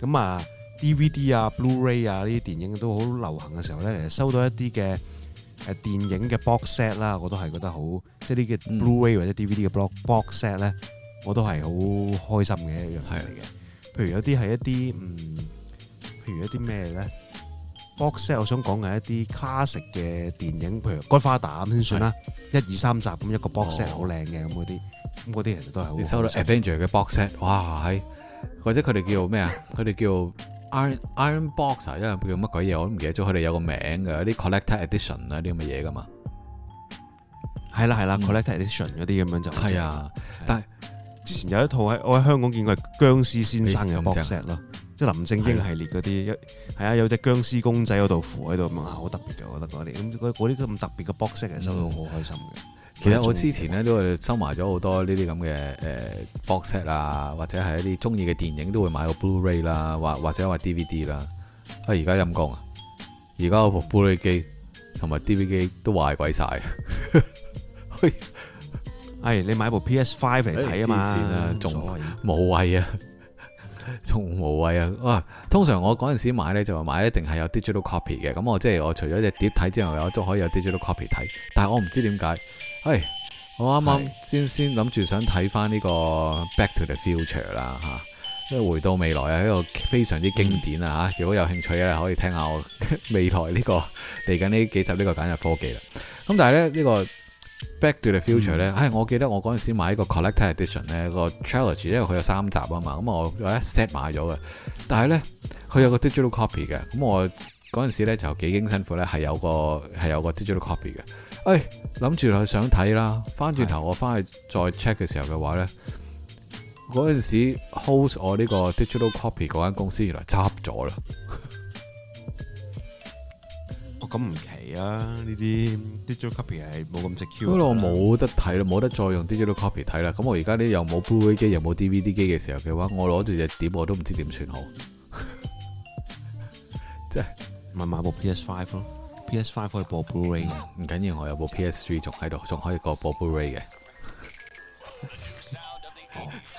S1: 咁啊 DVD 啊 Blu-ray 啊呢啲電影都好流行嘅時候咧，其實收到一啲嘅。誒電影嘅 box set 啦，我都係覺得好，即係呢個 Blu-ray 或者 DVD 嘅 box box set 咧、嗯，我都係好開心嘅一樣嚟嘅。是譬如有啲係一啲嗯，譬如一啲咩咧 box set，我想講嘅一啲 classic 嘅電影，譬如《Godfather》先算啦，一二三集咁一個 box set 好靚嘅咁嗰啲，咁嗰啲其實都係好。你收到 Avenger
S2: 嘅 box set，哇喺，或者佢哋叫咩啊？佢哋 叫。Iron, Iron Box 啊，因為叫乜鬼嘢，我都唔記得咗。佢哋有個名嘅，啲 Collector Edition 啊，啲咁嘅嘢噶嘛。係啦係啦、嗯、Collector Edition 嗰啲咁樣就係啊。但係之前有一套
S1: 喺我喺香港見過係《殭屍先生 box set, 正》嘅 boxset 咯，即係林正英系列嗰啲一係啊，有隻僵屍公仔嗰度扶喺度咁啊，好特別嘅，我覺得嗰啲咁啲咁特別嘅 boxset 係收到好開心嘅。嗯是
S2: 其實我之前咧都會收埋咗好多呢啲咁嘅誒、呃、boxset 啊，或者係一啲中意嘅電影都會買個 Blu-ray 啦，或者或者話 D.V.D 啦。啊、哎，而家陰功啊！而家個部 Blu-ray 機同埋 D.V.D 機都壞鬼晒。去、 哎，你買部 P.S. Five 嚟睇啊嘛，黐線、哎、啊，仲無謂啊，仲無謂啊。哇！通常我嗰陣時買咧就話、是、買一定係有 digital copy 嘅，咁我即係、就是、我除咗隻碟睇之外，我都可以有 digital copy 睇。但係我唔知點解。喂、哎，我啱啱先先諗住想睇翻呢個《Back to the Future》啦、啊，吓，即回到未來啊，一個非常之經典、嗯、啊，吓，如果有興趣嘅咧，可以聽下我未來呢、這個嚟緊呢幾集呢、這個簡約科技啦。咁但係咧呢、這個《Back to the Future》咧、嗯，唉、哎，我記得我嗰陣時買一個 Collector Edition 咧，個 Trilogy，因為佢有三集啊嘛，咁、嗯、我一 set 買咗嘅。但係咧，佢有個 digital copy 嘅，咁我嗰陣時咧就幾經辛苦咧，係有個係有個 digital copy 嘅。誒，諗住去想睇啦，翻轉頭我翻去再 check 嘅時候嘅話咧，嗰陣時 host 我呢個 digital copy 嗰間公司原來執咗啦。哦，咁唔奇啊，呢啲 digital copy 係冇咁值錢。咁我冇得睇啦，冇得再用 digital copy 睇啦。咁我而家呢，又冇 Blu-ray 機，又冇 DVD 機嘅時候嘅話，我攞住隻碟我都唔知點算好。即係咪買，買部 PS Five 咯？PS5 可以播 Blu-ray 唔緊要，我有部 PS3 仲喺度，仲可以播個 Blu-ray 嘅。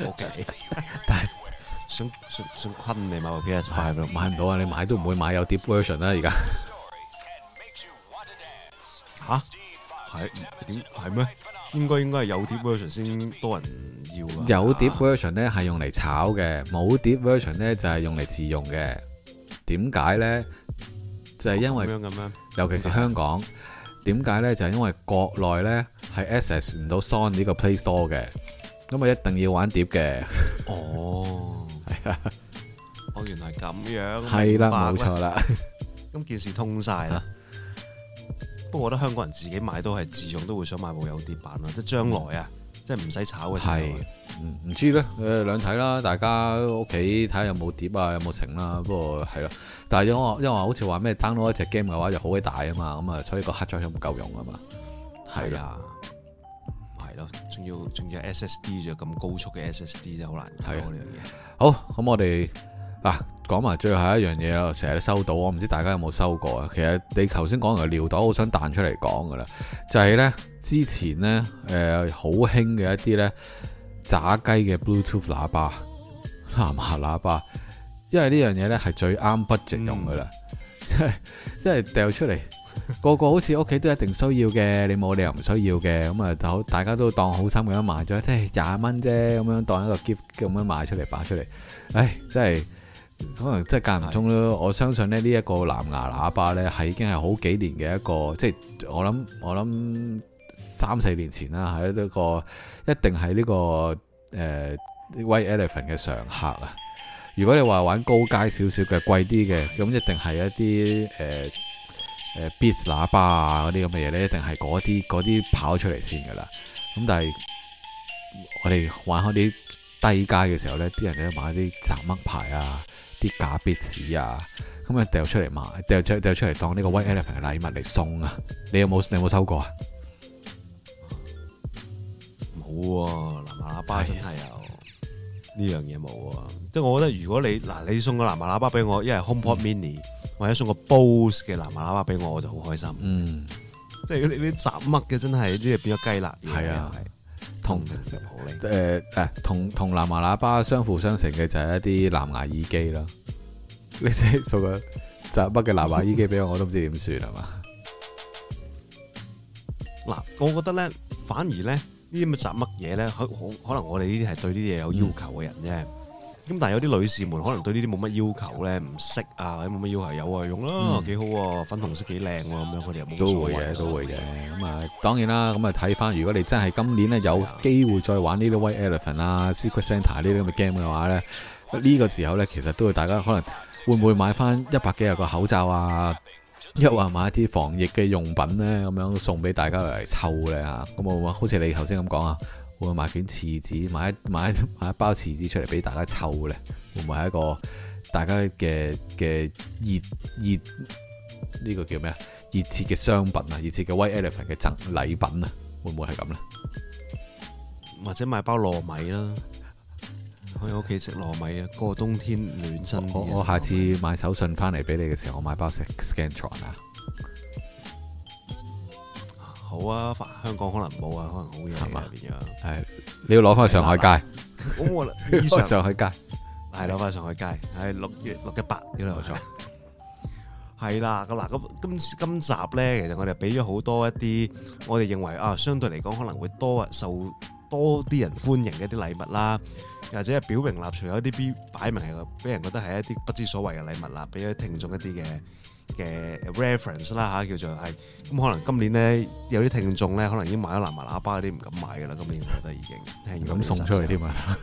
S2: O.K.
S1: 但係想想坤你買部
S2: PS5 咯，買唔到啊！你買都唔會買有碟 version 啦，而家
S1: 吓？係點係咩？應該應該係有碟 version 先多人
S2: 要有碟 version 咧係、啊、用嚟炒嘅，冇碟 version 咧就係、是、用嚟自用嘅。點解咧？就係因為，樣尤其是香港，點解呢，呢？就係、是、因為國內呢係 access 唔到 Sony 呢個 Play Store 嘅，咁啊一定要玩碟嘅。哦，係啊 了，我
S1: 原來咁樣。係啦了，冇錯啦，咁 件事通晒啦。 不過我覺得香港人自己買都係自
S2: 用，都會想買部有碟版啦。即係將來啊。嗯即係唔使炒嘅，係唔唔知咧，誒、呃，兩睇啦，大家屋企睇下有冇碟啊，有冇成啦。不過係啦，但係因為，因為好似話咩 download 一隻 game 嘅話就好鬼大啊嘛，咁啊，所以個黑膠又唔夠用啊嘛，係啊，
S1: 係咯，仲要仲要 SSD 就咁高速嘅 SSD
S2: 真係好難睇，係嘢的、啊、好，咁我哋嗱講埋最後一樣嘢啦，成日都收到，我唔知大家有冇收過啊。其實你頭先講嘅尿袋，好想彈出嚟講噶啦，就係、是、咧。之前呢，誒好興嘅一啲呢，炸雞嘅 Bluetooth 喇叭、藍牙喇叭，因為呢樣嘢呢係最啱 budget 用噶啦，即係即係掉出嚟，個個好似屋企都一定需要嘅，你冇理由唔需要嘅，咁啊，大家大家都當好心咁樣買咗，即係廿蚊啫，咁樣當一個 gift 咁樣賣出嚟、擺出嚟，唉、哎，真係可能真係間唔中咯。嗯、我相信咧，呢、這、一個藍牙喇叭呢，係已經係好幾年嘅一個，即係我諗我諗。三四年前啦，喺呢個一定係呢、這個誒、呃、White Elephant 嘅常客啊。如果你話玩高階少少嘅貴啲嘅，咁一定係一啲誒誒 Beats 喇叭啊嗰啲咁嘅嘢咧，一定係嗰啲啲跑出嚟先噶啦。咁但係我哋玩開啲低階嘅時候咧，啲人咧買啲雜嘜牌啊，啲假 Beats 紙啊，咁啊掉出嚟賣，掉出掉出嚟當呢個 White Elephant 嘅禮物嚟送啊。你有冇你有冇收過啊？冇啊，藍
S1: 牙喇叭真係有，呢、哎、呀 樣嘢冇啊，即、就、係、是、我覺得如果你嗱你送個藍牙喇叭俾我，一係 HomePod Mini，、嗯、或者送個 Bose 嘅藍牙喇叭俾我，我就好開心。嗯，即係如果你啲雜乜嘅真
S2: 係呢啲變咗雞肋嘢。係啊，同同好靚。誒誒，同同藍牙喇叭相輔相成嘅就係一啲藍牙耳機啦。你即係送個雜乜嘅藍牙耳機俾我，我都唔知點算係嘛？嗱
S1: 吧，我覺得咧，反而咧。呢啲乜雜乜嘢咧？可可能我哋呢啲係對呢啲嘢有要求嘅人啫。咁、嗯、但係有啲女士們可能對呢啲冇乜要求咧，唔識啊，或者冇乜要求有就用啦，幾、嗯、好，粉紅色幾靚咁樣，佢哋又都會嘅，都會
S2: 嘅。咁啊、嗯，當然啦，咁啊睇翻，如果你真係今年咧有機會再玩呢啲 White Elephant 啊、Secret Santa 呢啲咁嘅 game 嘅話咧，呢個時候咧其實都會大家可能會唔會買翻一百幾廿個口罩啊？一話買一啲防疫嘅用品咧，咁樣送俾大家嚟抽咧吓，咁會唔會好似你頭先咁講啊？會唔會買卷廁紙，買一買買一包廁紙出嚟俾大家抽咧？會唔會係一個大家嘅嘅熱熱呢個叫咩啊？熱切嘅商品啊，熱切嘅 White Elephant 嘅贈禮品啊，會唔會係咁咧？或者買包糯米啦。
S1: 可以屋企食糯米啊！過冬天暖身。我，我下
S2: 次買手信翻嚟俾你嘅時候，我買包食 Scantron 啊。
S1: 好啊，香港可能冇啊，可能好嘢啊，嗎啊，你
S2: 要攞翻去上海街。攞翻上， 上海街，
S1: 係攞翻上海街。係六月六一八，啲冇錯。係啦，嗱，咁今今集咧，其實我哋俾咗好多一啲，我哋認為啊，相對嚟講可能會多受多啲人歡迎嘅一啲禮物啦。又或者係表明立場，有啲 B 擺明係個，俾人覺得係一啲不知所謂嘅禮物啦，俾啲聽眾一啲嘅嘅 reference 啦嚇，叫做係。咁可能今年咧，有啲聽眾咧，可能已經買咗藍牙喇叭嗰啲，唔敢買噶啦。今年覺得已經，
S2: 唔
S1: 敢送出去添啊，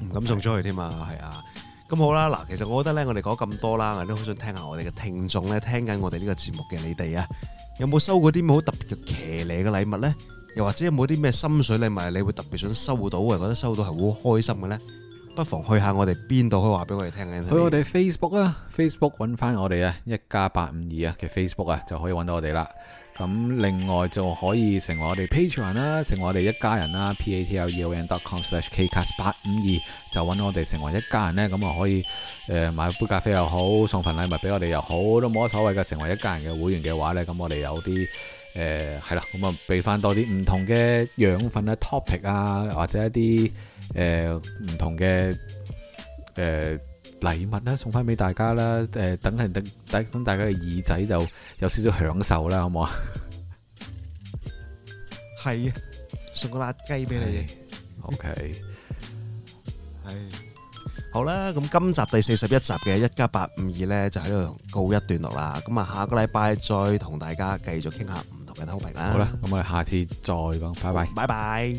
S1: 唔敢送出去添啊，係啊。咁好啦，嗱，其實我覺得咧，我哋講咁多啦，我都好想聽下我哋嘅聽眾咧，聽緊我哋呢個節目嘅你哋啊，有冇收過啲咩好特別嘅騎呢嘅禮物咧？又或者有冇啲咩心水禮物，你會特別想收到嘅？覺得
S2: 收到係好開心嘅呢？不妨去下我哋邊度可以話俾我哋聽嘅。去我哋 Facebook 啊，Facebook 搵翻我哋啊，一家八五二啊嘅 Facebook 啊，就可以搵到我哋啦。咁另外就可以成為我哋 Patreon 啦，成為我哋一家人啦 patreon.com/kcast 八五二就揾我哋成為一家人呢。咁啊可以誒買杯咖啡又好，送份禮物俾我哋又好，都冇乜所謂嘅。成為一家人嘅會員嘅話呢，咁我哋有啲。誒係啦，咁啊、嗯，備翻多啲唔同嘅養分啊、topic 啊，或者一啲誒唔同嘅誒、呃、禮物啦，送翻俾大家啦。誒、呃，等係等等等，等大家嘅耳仔就有少少享受啦，好唔好啊？
S1: 係啊，送個辣雞俾你。OK，係 好啦。咁今集第四十一集嘅一家八五二咧，就喺度告一段落啦。咁啊，下個禮拜再同大家繼續傾下。
S2: 了好啦，咁我哋下次再講，拜拜，
S1: 拜拜。